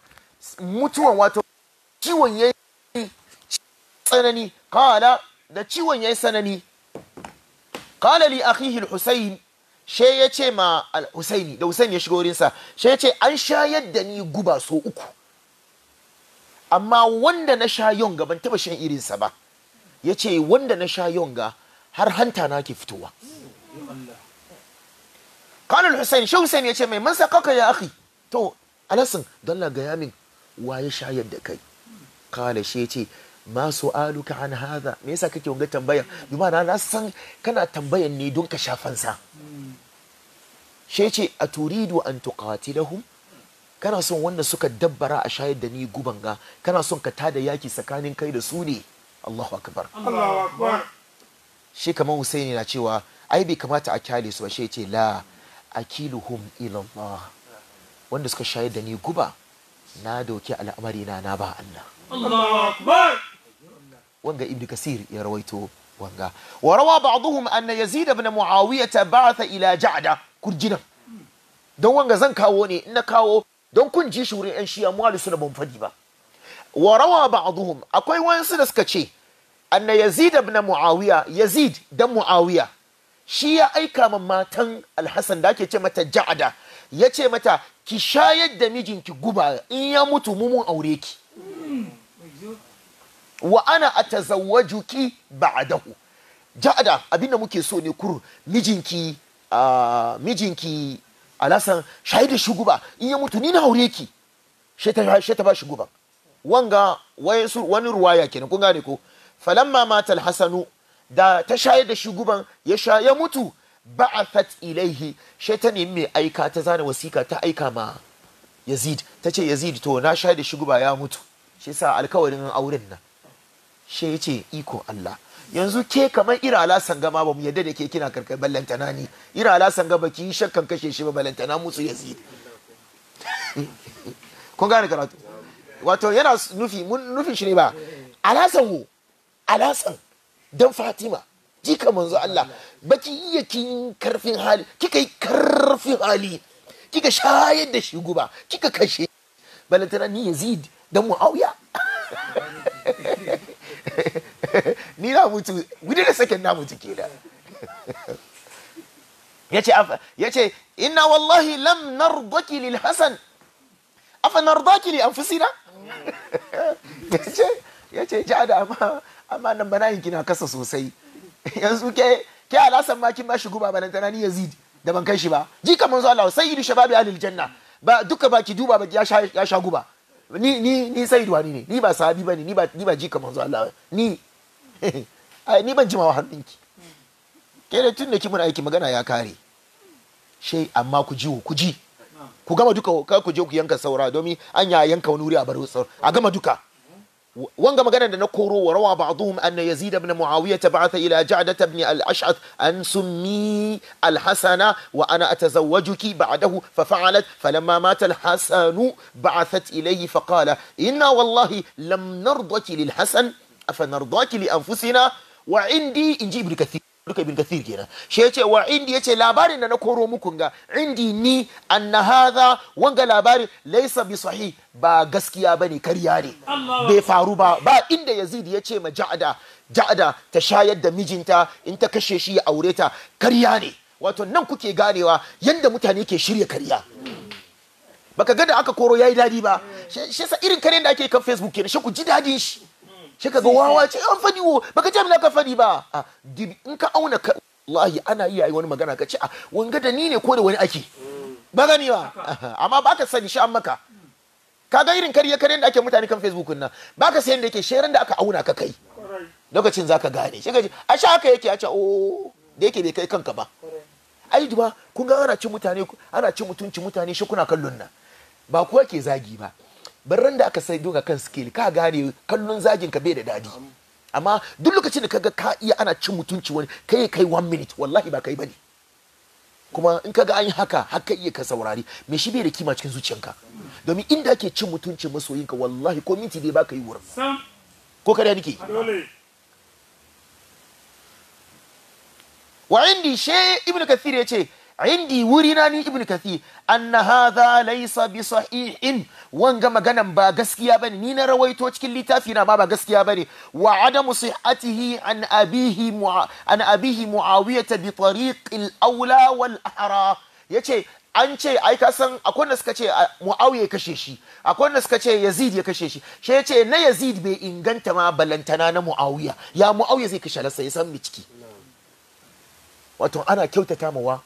mutuwan wato ciwon ya yi tsanani kala da ciwon ya yi tsanani kala li akhihi husayn ya ce ma al-husaini da husaini ya shiga wurinsa she ya ce an shayar da ni guba so uku amma wanda na sha yonga ban taba shan irinsa ba ya ce wanda na sha yonga har hanta na ke fitowa kalal Hussein shi Hussein ya ce mai man sakaka ya akhi to alasan don la gaya min wa ya shayar da kai kala shi ya ce ma aluka an hada. me yasa kake wanga tambaya bi ma na san kana tambayan ne don ka sa shi yace aturidu a turidu an tuqatilahum kana son wanda suka dabbara a shayar da ni guban ga kana son ka tada yaki tsakanin kai da su ne Allahu akbar Allahu akbar shi kamar Husaini na cewa ai bai kamata a kyale su ba shi yace la akiluhum ilallah wanda suka shayar da ni guba na doki al'amari na na ba Allah Allahu akbar wanga ibnu kasir ya rawaito wanga wa rawa ba'dhum anna yazid ibn muawiyah ba'atha ila ja'da kurjina don wanga zan kawo ne in na kawo don kun ji shuri yan shiya mu alu suna ban fadi ba wa rawa ba'dhum akwai su da suka ce anna yazid ibn muawiya yazid da muawiya shi ya aika ma matan alhassan da ake ce mata ja'ada ya ce mata ki shayar da mijinki guba in ya mutu mumun aure ki wa ana atazawwajuki ba'adahu. ja'ada abin da muke so ne kur mijinki mijinki alhassan shayar da shi guba in ya mutu ni na aure ki shi ta ba shi guba wanga wani ruwaya kenan kun gane ko falamma mata alhassanu da ta shayar da shi guban ya sha ya mutu ba'athat ilaihi shaitan ta nemi mai aika ta zana wasika ta aika ma Yazid ta ce Yazid to na shayar da shi guba ya mutu shi sa alkawarin auren nan shi ya ce iko Allah yanzu ke kamar alasan sangama ba mu yadda da ke kina karkar ballantana ni irala sangama ki shakkan kashe shi ba ballantana musu Yazid kun gane karatu wato yana nufi mun nufin shi ne ba alasan wo alasan dan fatima jika manzo Allah baki iya kin karfin hali kika yi karfin hali kika shayar da shi guba kika kashe balantana ni yazid dan muawiya ni na mutu gudu da sakin na mutu da. Ya ce ina wallahi lam nardaki lil hasan afa nardaki li anfusina Ya ce ja da amma. amma nan bana yin kina kasa sosai yanzu ke ke alasan ma kin ba shi guba balanta na ni yazid da ban kai shi ba ji kaman zo Allah sayyidu shababi ahlil janna ba duka ba ki duba ba ya sha ya sha guba ni ni ni sayyidu wani ne ni ba sahabi bane ni ba ni ba ji kaman zo Allah ni ai ni ban wa hannunki ke da tun da ki mun aiki magana ya kare shai amma ku ji ku ji ku gama duka ku je ku yanka saura domin an ya yanka wani wuri a bar a gama duka وانغا مغانا نكورو وروى بعضهم أن يزيد بن معاوية بعث إلى جعدة بن الأشعث أن سمي الحسنة وأنا أتزوجك بعده ففعلت فلما مات الحسن بعثت إليه فقال إنا والله لم نرضك للحسن أفنرضاك لأنفسنا وعندي إنجي ابن duka ibn kathir kenan shi yace wa indi yace labarin da na koro muku ga indi ni anna hadha wanga labari laysa bi sahih ba gaskiya bane kariya ne bai faru ba ba inda yazid yace ma ja'ada ja'ada ta shayar da mijinta in ta kashe shi ya aure ta kariya ne wato nan kuke ganewa yanda mutane ke shirya kariya. baka ga da aka koro yayi dadi ba shi yasa irin karen da ake kan facebook kenan shi ku ji dadin shi shi ka ga wawa ce an fadi wo baka ce mina ka fadi ba a dibi in ka auna ka wallahi ana iya yi wani magana ka ce a wanga da ni ne ko da wani ake ba gani ba amma baka sani shi an maka ka ga irin kariya karyen da ake mutane kan facebook nan baka sayan da yake sharan da aka auna ka kai lokacin zaka gane shi ka a sha haka yake a ce o oh, da yake bai kai kanka ba ai ba kun ga ana cin mutane ana cin mutunci mutane shi kuna kallon nan ba kuwa ke zagi ba barran da aka sai duka kan skill ka gane kallon zagin ka bai da dadi amma duk lokacin da kaga ka iya ana cin mutunci wani kai kai one minute wallahi ba kai bane kuma in kaga an yi haka haka iya ka saurari me shi bai da kima cikin zuciyanka domin inda ake cin mutunci masoyinka wallahi ko minti dai baka yi wurin ko kada nake wa indi she ibnu kathir yace indi wurina ni ibn kathir anna hadha laysa bi sahihin wanga maganan ba gaskiya bane ni na rawaito cikin littafi na ma ba gaskiya bane wa adamu sihhatihi an abihi an abihi muawiyah bi tariq al awla wal ahra yace an ce ai ka san akwai suka ce muawiya ya kashe shi akwai suka ce yazid ya kashe shi shi na yazid bai inganta ma balantana na muawiya ya muawiya zai kashe lasa ya san mi ciki wato ana kyautata mawa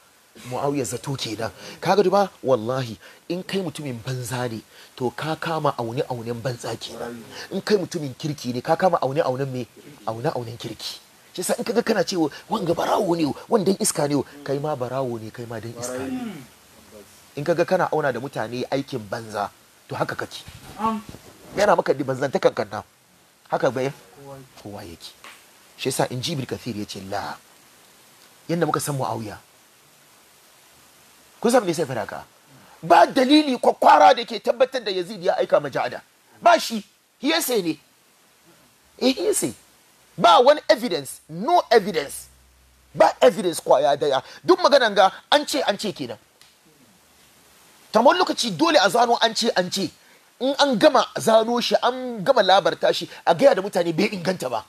mu'awiyar zato kenan kaga duba wallahi in kai mutumin banza ne to ka kama aune aunen banza kenan in kai mutumin kirki ne ka kama aune aunen me aune aunen kirki shi sa in kaga kana cewa wanga barawo ne wanda iska ne kai ma barawo ne kai ma dan iska ne in kaga kana auna da mutane aikin banza to haka kake yana maka di banzan takan kanna haka bai kowa yake shi yasa in jibril kathir yace la yanda muka san muawiya kun ne me sai faraka ba dalili kwakwara da ke tabbatar da Yazid ya aika ma Ja'ada ba shi hearsay ne eh hearsay ba wani evidence no evidence ba evidence kwaya daya duk maganan ga an ce an ce kenan tamar lokaci dole a zano an ce an ce in an gama zano shi an gama labarta shi a gaya da mutane bai inganta ba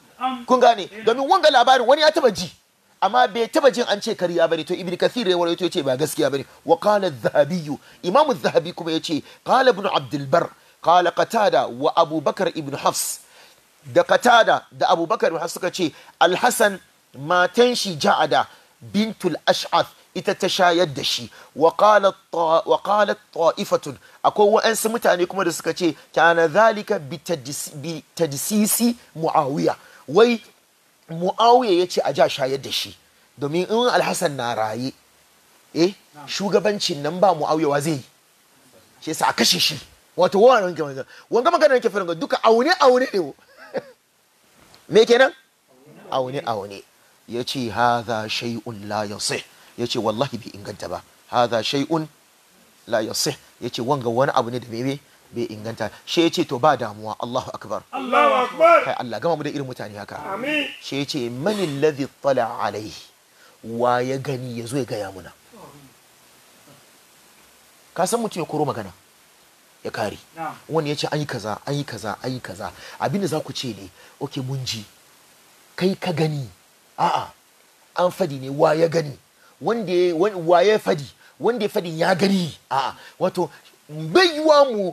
kun gane domin wanga labarin wani ya taba ji amma bai taba jin an ce kariya bane to ibnu kathir ya warayo yace ba gaskiya bane wa qala az-zahabi imam az-zahabi kuma yace qala ibn abd al-bar qala qatada wa abubakar ibn hafs da qatada da abubakar ibn hafs suka ce al-hasan matan shi ja'ada bintul ash'ath ita ta shayar da shi wa qala ta'ifatun akwai wa'ansu mutane kuma da suka ce kana zalika bi tadisisi muawiya wai muawiya ya ce a ja shayar da shi domin in alhassan na raye eh shugabancin nan ba muawiya zai yi shi sa a kashe shi wato wannan wanke magana wanga magana yake fara duka aune aune ne me kenan aune aune ya ce hadha shay'un la yasih ya ce wallahi bi inganta ba hadha shay'un la yasih ya ce wanga wani abu ne da bebe bai inganta shi ya ce to ba damuwa Allahu akbar Allahu akbar kai Allah gama mu da irin mutane haka amin shi ya ce man alladhi tala alaihi wa ya gani ya ya gaya muna ka san mutum ya koro magana ya kare wani ya ce an yi kaza an yi kaza an yi kaza abinda za ku ce ne ok mun ji kai ka gani a'a an fadi ne wa ya gani wanda wa ya fadi wanda ya fadin ya gani a'a wato bai mu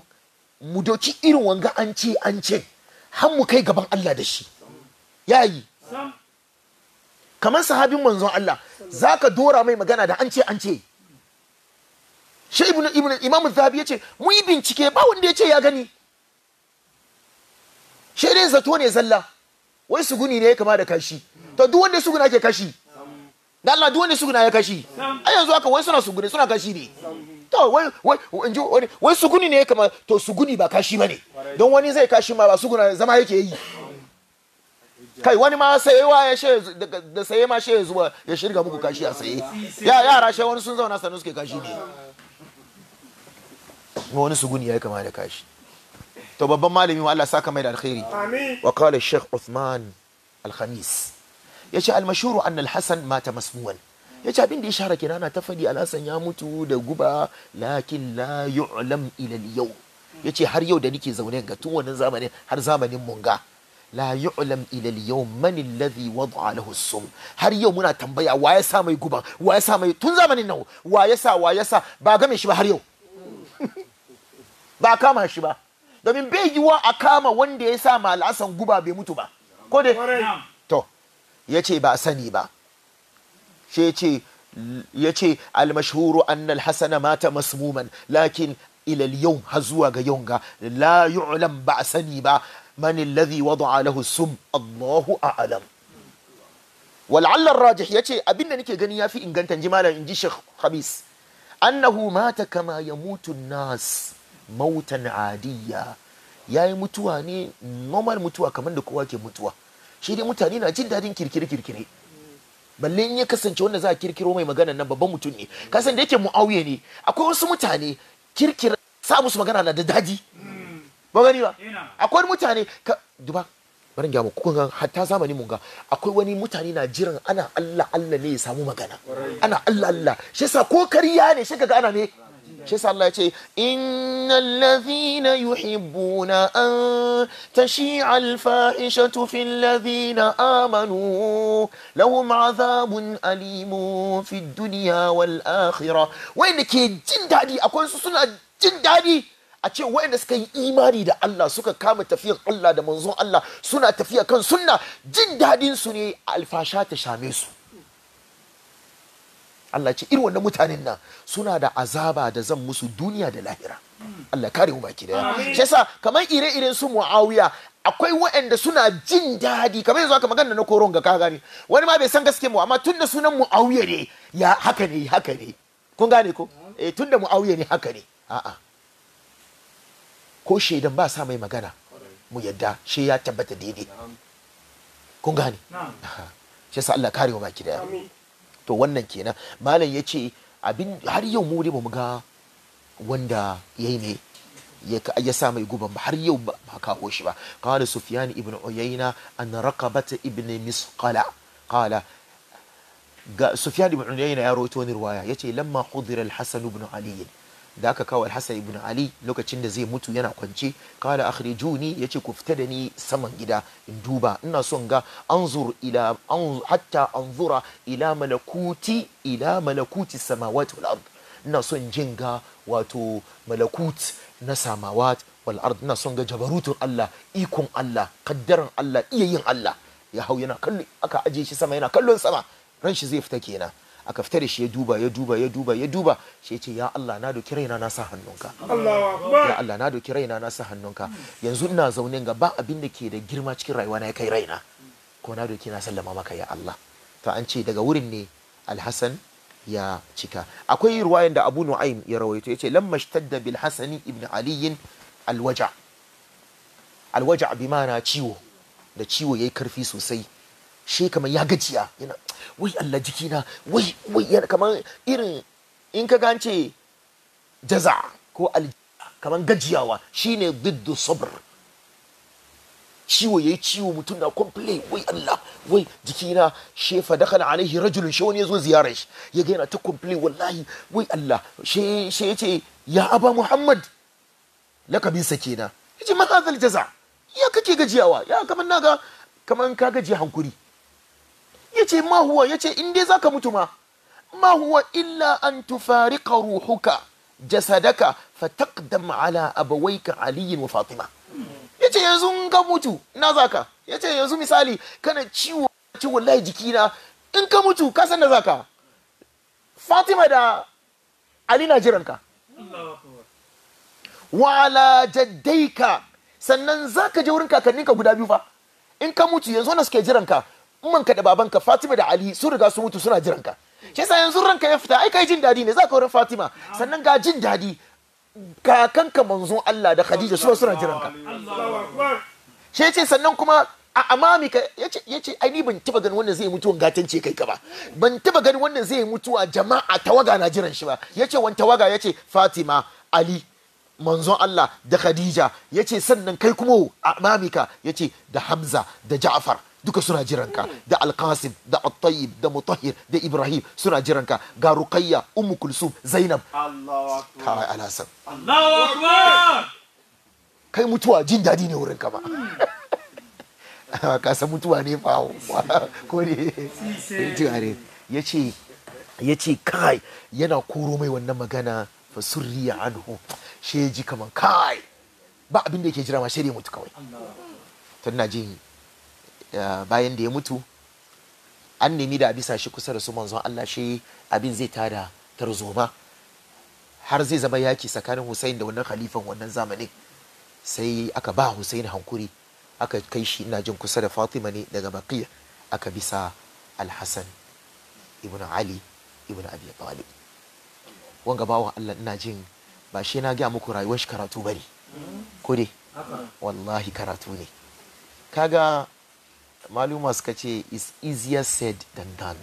mu doki irin wanga an ce an ce har mu kai gaban Allah da shi yayi kamar sahabin manzon Allah zaka dora mai magana da an ce an ce shi ibn ibn imam zahabi yace mu yi bincike ba wanda yace ya gani shi dai zato ne zalla wai suguni ne ya kama da kashi to duk wanda suguna ke kashi da Allah duk wanda suguna ya kashi ai yanzu haka wai suna suguni suna kashi ne to wai wai wai suguni ne kama to suguni ba kashi bane don wani zai kashi ma ba suguna zama yake yi kai wani ma sayewa ya she da saye ma she zuwa ya shirga muku kashi a saye ya yara she wani sun zauna sanu suke kashi ne wani suguni ya kama da kashi to babban malami wa Allah saka mai da alkhairi wa qala shaykh Uthman al-Khamis yace al-mashhur anna al-Hasan mata masmuwan ya ce abin da ya shara kenan na ta fadi al'asan ya mutu da guba lakin la yu'lam ilal yau ya ce har yau da nike zaune ga tun wannan zamani har zamanin munga la yu'lam ilal yau man alladhi wada'a lahu har yau muna tambaya wa ya sa mai guba wa ya sa mai tun zamanin nan wa ya sa wa ya sa ba game shi ba har yau ba kama shi ba domin bai yiwa a kama wanda ya sa ma al'asan guba bai mutu ba ko dai to ya ce ba sani ba sai ce ya ce annal hasana mata masmuman lakin ilal yau har zuwa ga yau ga la yu'lam ba a sani ba man alladhi wada'a lahu sum Allahu a'lam wal'allar rajih yace abinda nake gani yafi inganta ji malam inji Sheikh Khabis annahu mata kama yamutu nas mautan adiyya yayi mutuwa ne normal mutuwa kamar da kowa ke mutuwa shi dai mutane na jin dadin kirkire kirkire balle in ya kasance wanda za a kirkiro mai magana nan babban mutum ne kasan da yake mu'awiya ne akwai wasu mutane kirkira sa musu magana na da daji ba gani ba akwai mutane ka duba barin gyamu kuka ga hatta zamani mun ga akwai wani mutane na jiran ana Allah Allah ne ya samu magana ana Allah Allah shi yasa ko kariya ne shi kaga ana ne shi sallah ya ce yi yuhibbuna an tashi'a al fahishatu fil ladhina amanu lahum azabun alimu fid dunya wal akhirah wanda ke jin dadi akwai su suna jin daɗi? a ce wanda suka yi imani da Allah suka kama tafiyar Allah da manzon Allah suna tafiya kan sunna jin dadin su ne alfasha ta same su Allah ce irin wannan mutanen nan suna da azaba da zan musu duniya da lahira Allah kare mu baki daya shi yasa kamar ire-iren su Muawiya akwai waɗanda suna jin daɗi kamar yanzu aka magana na koron ga ka gane wani ma bai san gaske mu amma tunda sunan Muawiya ne ya haka ne haka ne kun gane ko eh tunda Muawiya ne haka ne a'a ko shaidan ba sa mai magana mu yadda shi ya tabbata daidai kun gane shi yasa Allah kare mu baki daya to wannan kenan malam ya ce abin har yau mu dai bamu ga wanda yayi ne ya sa mai guban ba har yau ba kawo shi ba qala Sufiyani ibn uyayna an raqabata ibn misqala kala Sufiyani ibn uyayna ya rawaito wani ya yace lamma hudira al-hasan ibn ali da aka kawo alhassan ibn ali lokacin da zai mutu yana kwance kala akhrijuni yace ku fita da ni saman gida in duba ina son ga anzur ila an hatta anzura ila malakuti ila malakuti samawati wal ina son jin ga wato malakut na samawat wal ard ina son ga jabarutun Allah ikon Allah kaddaran Allah iya yin Allah ya hau yana kallo aka ajiye shi sama yana kallon sama ran shi zai fita kenan aka fita da shi ya duba ya duba ya duba ya duba shi ce ya Allah na doki raina na sa hannunka ya Allah na doki raina na sa hannunka yanzu ina zaune ga ba abin da ke da girma cikin rayuwa na kai raina ko na doki na sallama maka ya Allah to an ce daga wurin ne alhasan ya cika akwai ruwayan da abu nu'aim ya rawaito yace lamma shtadda bil hasani ibn ali alwaja alwaja bi mana ciwo da ciwo yayi karfi sosai shi kamar ya gajiya yana wai Allah jikina wai wai yana kamar irin in ka gance jaza ko al kamar gajiyawa shine diddu sabr ciwo yayi ciwo mutum na complain wai Allah wai jikina she fa dakhala alaihi rajulun shi wani yazo ziyarar shi ya ga yana ta complain wallahi wai Allah she she yace ya aba Muhammad lakabin sa kenan yace ma hadal jaza ya kake gajiyawa ya kamar naga kamar ka gaji hankuri yace ma huwa yace in dai zaka mutu ma ma huwa illa an tufariqa ruhuka jasadaka fataqdam ala abawayka ali wa fatima yace yanzu in ka mutu na zaka yace yanzu misali kana ciwo ciwo wallahi jikina in ka mutu ka san da zaka fatima da ali na jiran ka wa ala jaddaika sannan zaka je wurin kakanninka guda biyu fa in ka mutu yanzu na suke ka. ka da babanka Fatima da Ali sun riga su mutu suna jiranka shi yasa yanzu ranka ya fita ai kai jin dadi ne za ka wurin Fatima sannan ga jin dadi kakanka manzon Allah da Khadija su suna jiranka shi yace sannan kuma a amami ka yace yace ai ni ban taba ganin wannan zai mutuwa ce kai ka ba ban taba ganin wannan zai mutuwa jama'a tawaga na jiran shi ba yace wan tawaga yace Fatima Ali manzon Allah da Khadija yace sannan kai kuma amamika yace da Hamza da Ja'far duka suna jiranka da alkasim da attayib da mutahir da ibrahim suna jiranka ga ruqayya ummu kulsum zainab kai alhasan kai mutuwa jin daɗi ne wurin kama ka san mutuwa ne fa ko ne tuare yace yace kai yana koro mai wannan magana fa surriya anhu shi ji kaman kai ba abin da yake jira ma shirye mutu kawai tun na jin Eh, bayan da ya mutu an nemi da a bisa shi kusa da su manzon Allah shi abin zai tada tarzoma har zai zama yaki tsakanin Hussein da wannan khalifan wannan zamanin sai aka ba Hussein hankuri aka kai shi ina jin kusa da Fatima ne daga Baqiya aka bisa al hasan ibn Ali ibn Abi Talib wanga Allah ina jin ba shi na gaya muku rayuwar shi karatu bari mm-hmm. ko dai wallahi karatu ne kaga maluma suka ce is easier said than done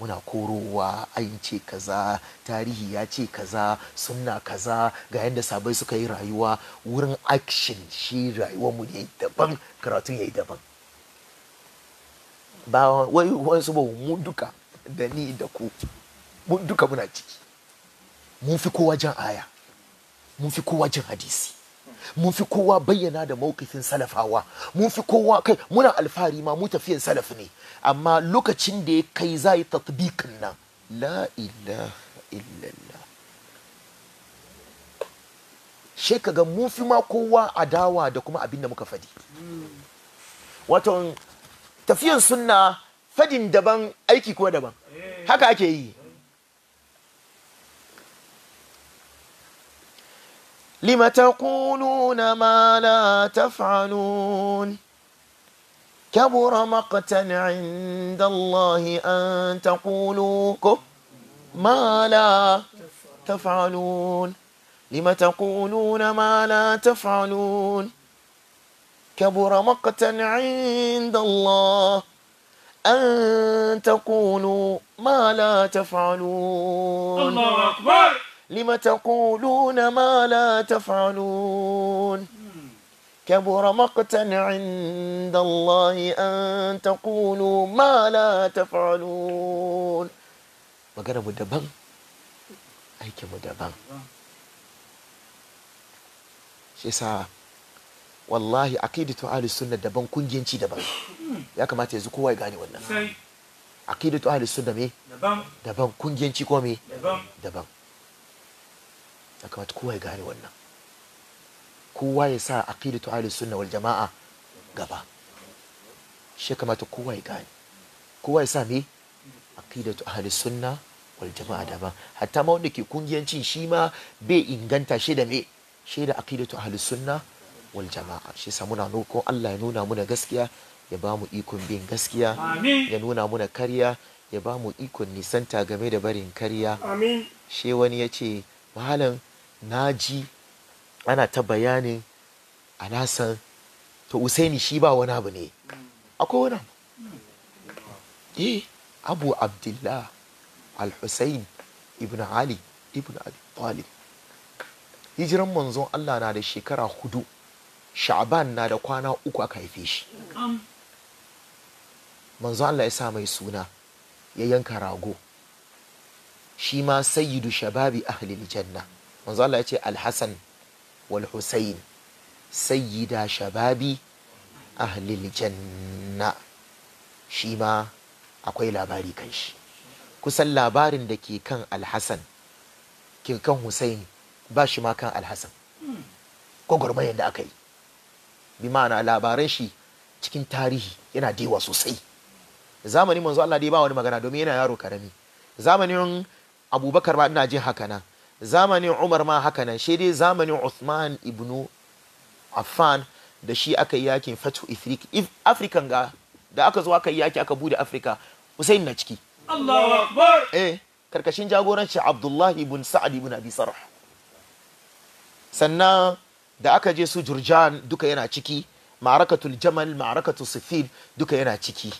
muna korowa an ce kaza tarihi ya ce kaza sunna kaza ga yadda sabai suka yi rayuwa wurin action shi rayuwarmu mu yayi daban karatun yayi daban ba wai wasu ba mu duka da ni da ku mun duka muna ciki mun fi kowa jan aya mun fi kowa jan hadisi mun fi kowa bayyana da mawkifin salafawa mun fi kowa kai muna alfahari ma mu tafiyan salaf ne amma lokacin da ya kai za yi tatbikin nan la ilaha illallah mun fi ma kowa adawa da kuma abin da muka fadi wato tafiyan sunna fadin daban aiki kuma daban eh. haka ake yi لم تقولون ما لا تفعلون كبر مقتا عند الله أن تقولوا ما لا تفعلون لم تقولون ما لا تفعلون كبر مقتا عند الله أن تقولوا ما لا تفعلون الله أكبر لم تقولون ما لا تفعلون كبر مقتا عند الله أن تقولوا ما لا تفعلون magana mu daban aikin mu daban shi sa wallahi aqidatu ahli daban kungiyanci daban ya kamata yanzu kowa ya gane wannan aqidatu ahli sunna me daban kungiyanci ko daban ya kamata kowa ya gane wannan kowa ya sa aqidatu ahli sunna wal jama'a gaba shi kamata kowa ya gane kowa ya sa me aqidatu ahli sunna wal jama'a daban hatta ma wanda ke kungiyanci shi ma bai inganta shi da me shi da aqidatu ahli sunna wal jama'a shi sa muna ko Allah ya nuna muna gaskiya ya ba mu ikon bin gaskiya ya nuna muna karya ya ba mu ikon nisanta game da barin karya shi wani ya ce malam na ji ana ta bayanin a nasan to usaini shi ba wani abu ne akwai wani abu eh abu abdullah al-husayn ibn ali ibn talib hijiran manzon allah na da shekara hudu sha'ban na da kwana uku aka haife shi manzon allah ya sa mai suna ya yanka rago shi ma sayyidu shababi ahlil janna manzo Allah ya ce alhassan wal sayyida shababi ahlil janna shi ma akwai labari kan shi kusan labarin da ke kan alhassan ke kan husain ba shi ma kan alhassan gwagwarmayar da aka yi bi ma'ana labaran shi cikin tarihi yana dewa sosai Zamani manzo Allah dai ba wani magana domin yana yaro karami zamanin abubakar ba ina jin haka nan zamanin umar ma haka nan shi dai zamanin uthman ibnu affan da shi aka yi yakin fatu ifrik african ga da aka zo aka yi yaki aka bude africa usain na ciki Allahu akbar eh karkashin jagoranci abdullahi ibn sa'ad ibn abi sarh sannan da aka je su jurjan duka yana ciki ma'arakatul jamal ma'arakatul sifil duka yana ciki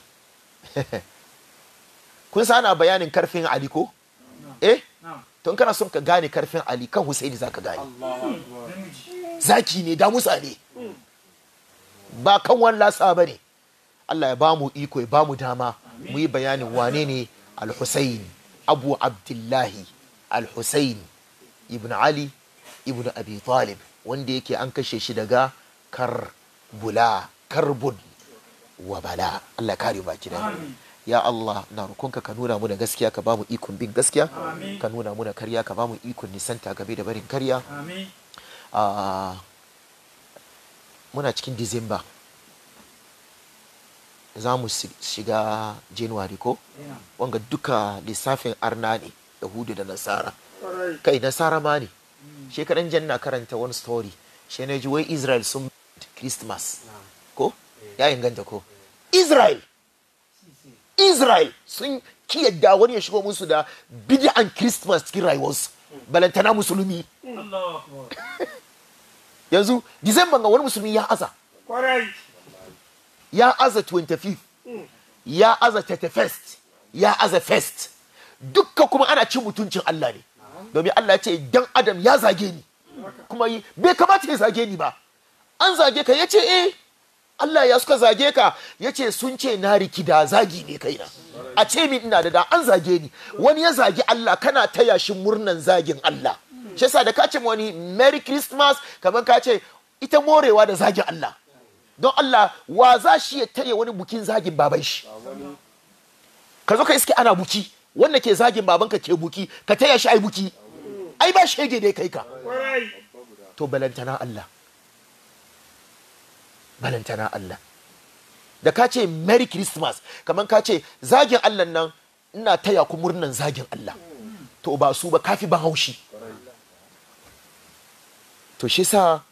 kun sa ana bayanin karfin ali ko eh to kana son ka gane karfin ali kan husaini ka gane zaki ne damusa ne ba kan wani lasa ba ne allah ya bamu iko ya bamu dama mu yi bayanin wane ne al-husaini abu abdullahi al-husaini ibn ali ibn abi talib wanda yake an kashe shi daga karbula karbun wa bala allah kare baki da ya Allah na rukunka ka nuna mu da gaskiya ka ba mu ikon bin gaskiya ka nuna mu da karya ka ba mu ikon nisanta gabe da barin karya ah, muna cikin disamba za mu shiga january ko wanga duka lissafin arna ne yahudu da nasara kai nasara ma ne mm. shekaran jan na karanta wani story shi ne ji wai israel sun christmas ko ya inganta ko israel israel sun kiyarda wani ya shigo musu da bid'an christmas cikin rayuwarsu balantana musulmi yanzu disamba ga wani musulmi ya aza ya aza 25 ya aza 31 ya aza first dukka kuma ana cin mutuncin Allah ne domin Allah ce dan adam ya zage ni kuma bai kamata ya zage ni ba an zage ka ya ce eh Allah ya suka zage ka ya ce sun ce na rikida zagi ne kaina a ce min ina da da an zage ni wani ya zagi Allah kana taya shi murnan zagin Allah shi yasa da ka ce wani merry christmas kamar ka ce ita morewa da zagin Allah don Allah wa za shi ya taya wani bukin zagin baban shi ka zo ka iske ana buki wanda ke zagin babanka ke buki ka taya shi ai buki ai ba shege dai kai ka to balantana Allah balantana Allah da ka ce merry christmas kamar ka ce zagin Allah nan ina taya ku murnan zagin Allah to ba su ba kafi ban haushi to shi sa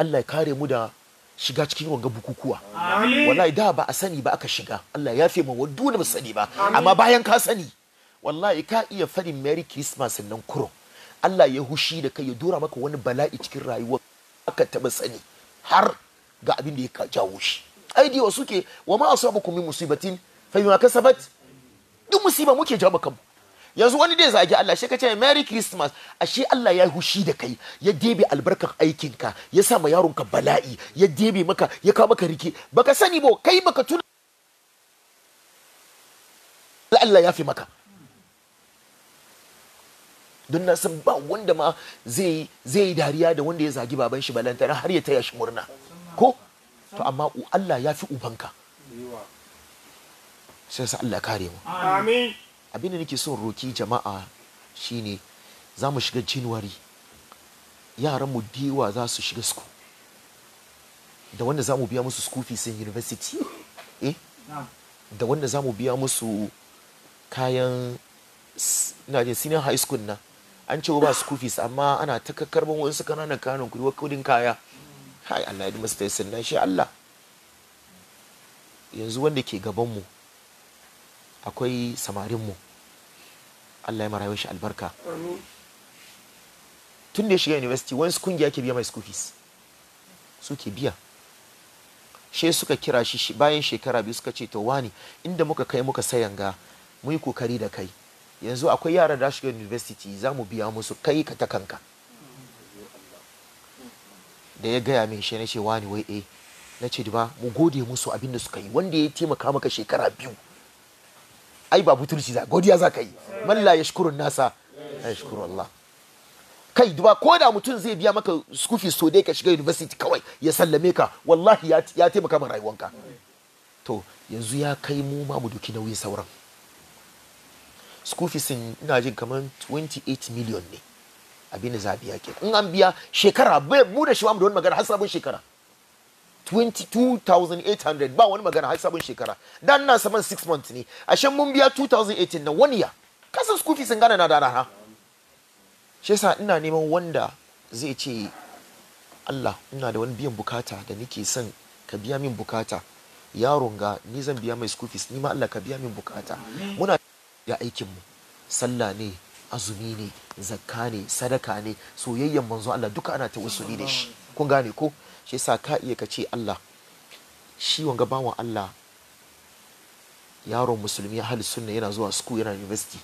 Allah ya kare mu da shiga cikin wanga bukukuwa wallahi da ba a sani ba aka shiga Allah ya fi mu waddu da ba sani ba amma bayan ka sani wallahi ka iya farin merry christmas nan kuro Allah ya hushi da kai ya dora maka wani bala'i cikin rayuwa aka taba sani har ga abin da ya jawo shi aidiwa suke wa ma asabakum min musibatin fa bima kasabat duk musiba muke jawo kanmu yanzu wani dai zagi Allah shi kace Merry Christmas ashe Allah ya hushi da kai ya debe albarkar aikin ka ya sa ma yaron ka bala'i ya debe maka ya kawo maka riki baka sani ba kai baka tuna Allah ya fi maka don na san ba wanda ma zai yi dariya da wanda ya zagi baban shi balantana har ya taya shi murna ko to amma Allah ya fi ubanka sai sa Allah kare mu amin abin da nake son roki jama'a shine za mu shiga january yaran mu diwa za su shiga school da wanda za mu biya musu school fees in university eh da wanda za mu biya musu kayan na je senior high school na an ce ba school fees amma ana ta karban wasu kananan kanan kudi kudin kaya kai Allah ya masa tayasir na shi Allah yanzu wanda ke gaban mu akwai samarin mu. Allah ya marayu shi albarka tun da ya shiga university wani kungiya ke biya mai school fees ke biya she suka kira shi bayan shekara biyu suka ce to wani inda muka kai muka sayanga mu yi kokari da kai yanzu akwai yaran da shiga university za mu biya musu kai ka ta kanka da ya gaya min shi na ce wani wai eh na ce ba mu gode musu abin da suka yi wanda ya taimaka maka shekara biyu ai ba butulci za godiya za ka yi malla ya shukuru nasa ya shukuru Allah kai duba ko da mutum zai biya maka school fees so dai ka shiga university kawai ya sallame ka wallahi ya taimaka ma rayuwanka to yanzu ya kai mu ma mu duki nauyin sauran school fees ina jin kamar 28 million ne abin da za a biya ke in an biya shekara mu da shi da wani magana har sabon shekara 22,800 ba wani magana har sabon shekara dan na saman 6 months ne ashe mun biya 2018 na wani ya kasan school fees gana na dana ha shi yasa ina neman wanda zai ce Allah ina da wani biyan bukata da nake son ka biya min bukata yaron ga ni zan biya mai school fees ni ma Allah ka biya min bukata muna da aikin mu sallah ne azumi ne zakka ne sadaka ne soyayyen manzo Allah duka ana tawassuli da shi kun gane ko shi yasa ka iya kace Allah shi wanga bawan Allah yaron musulmi ya hali sunna yana zuwa school yana university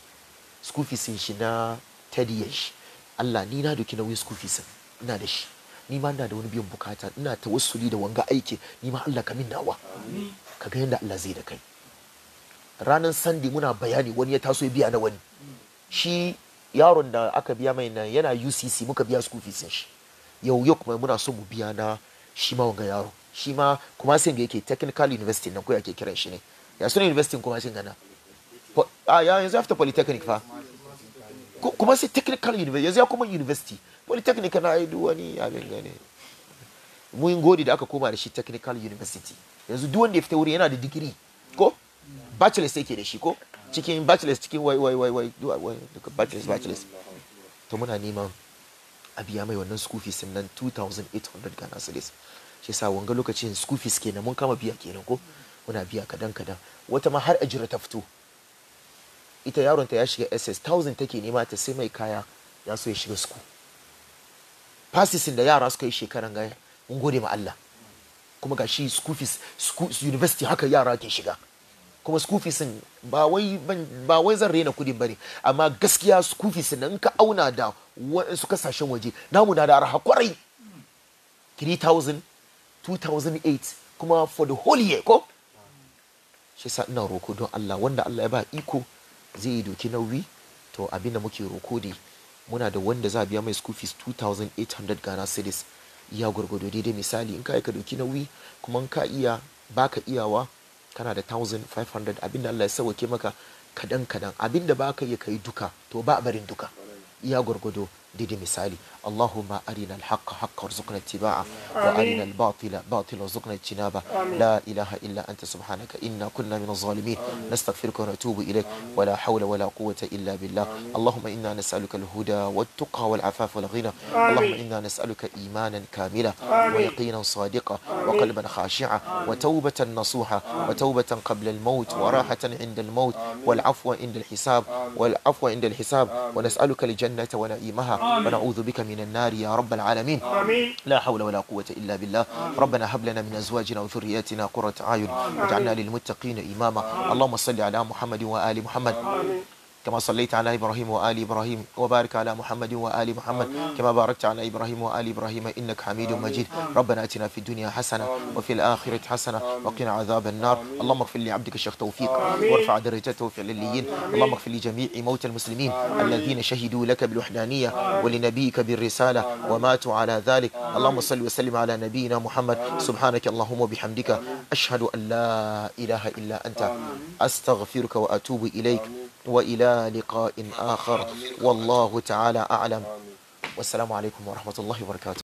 school fees shi na tadiyar shi Allah ni na doki nauyin school fees ina da shi ni ma ina da wani biyan bukata ina ta wasuli da wanga aiki ni ma Allah ka min nawa ka ga yadda Allah zai da kai ranar sandi muna bayani wani ya taso ya biya na wani shi yaron da aka biya mai nan yana UCC muka biya school fees shi yau yau kuma muna so mu biya na shi ma wanga yaro shi ma kuma sai ga yake technical university nan ko yake kiran shi ne ya suna university kuma sai na a ya yanzu after polytechnic fa kuma sai technical university yanzu ya kuma university polytechnic na ai duk wani abin gane mun gode da aka koma da shi technical university yanzu duk wanda ya fita wuri yana da digiri ko bachelor sai ke da shi ko cikin bachelors cikin wai wai wai wai wai duka bachelors bachelors to muna neman a biya mai wannan school fees nan 2800 Ghana cedis shi yasa wanga lokacin school fees kenan mun kama biya kenan ko muna biya kadan kadan wata ma har ajira ta fito ita yaron ta ya shiga SS 1000 take nema ta sai mai kaya ya so ya shiga school fasisin da yara suka yi shekaran gaya mun gode ma Allah kuma ga shi school fees university haka yara ke shiga kuma school fees ba wai ba wai zan rena kudin bane amma gaskiya school fees in ka auna da wasu kasashen waje namu na da arha kwarai 3000 2008 kuma for the whole year ko shi sa ina roko don Allah wanda Allah ya ba iko zai yi doki nauyi to abin da muke roko dai muna da wanda za a biya mai school fees 2800 Ghana cedis ya gwargwado daidai misali in ka aika doki nauyi kuma in ka iya baka iyawa kana da 1500 abin abinda Allah ya sauke maka kadan kadan abin da ba ka iya kai duka to ba barin duka iya gwargwado ديدي مسالي اللهم أرنا الحق حق وارزقنا اتباعه وأرنا الباطل باطل وارزقنا اجتنابه لا إله إلا أنت سبحانك إنا كنا من الظالمين نستغفرك ونتوب إليك ولا حول ولا قوة إلا بالله اللهم إنا نسألك الهدى والتقى والعفاف والغنى آمين. اللهم إنا نسألك إيمانا كاملا ويقينا صادقا وقلبا خاشعا وتوبة نصوحة وتوبة قبل الموت وراحة عند الموت والعفو عند الحساب والعفو عند الحساب ونسألك الجنة ونعيمها ونعوذ بك من النار يا رب العالمين آمين. لا حول ولا قوة إلا بالله ربنا هب لنا من أزواجنا وذرياتنا قرة أعين واجعلنا للمتقين إماما اللهم صل على محمد وآل محمد آمين. كما صليت على إبراهيم وآل إبراهيم وبارك على محمد وآل محمد آمين. كما باركت على إبراهيم وآل إبراهيم إنك حميد آمين. مجيد آمين. ربنا أتنا في الدنيا حسنة آمين. وفي الآخرة حسنة وقنا عذاب النار آمين. اللهم اغفر لعبدك الشيخ توفيق آمين. وارفع درجته في العليين اللهم اغفر لجميع موتى المسلمين آمين. الذين شهدوا لك بالوحدانية آمين. ولنبيك بالرسالة آمين. وماتوا على ذلك آمين. اللهم صل وسلم على نبينا محمد آمين. سبحانك اللهم وبحمدك أشهد أن لا إله إلا أنت آمين. أستغفرك وأتوب إليك آمين. وإلى لقاء آخر والله تعالى أعلم والسلام عليكم ورحمة الله وبركاته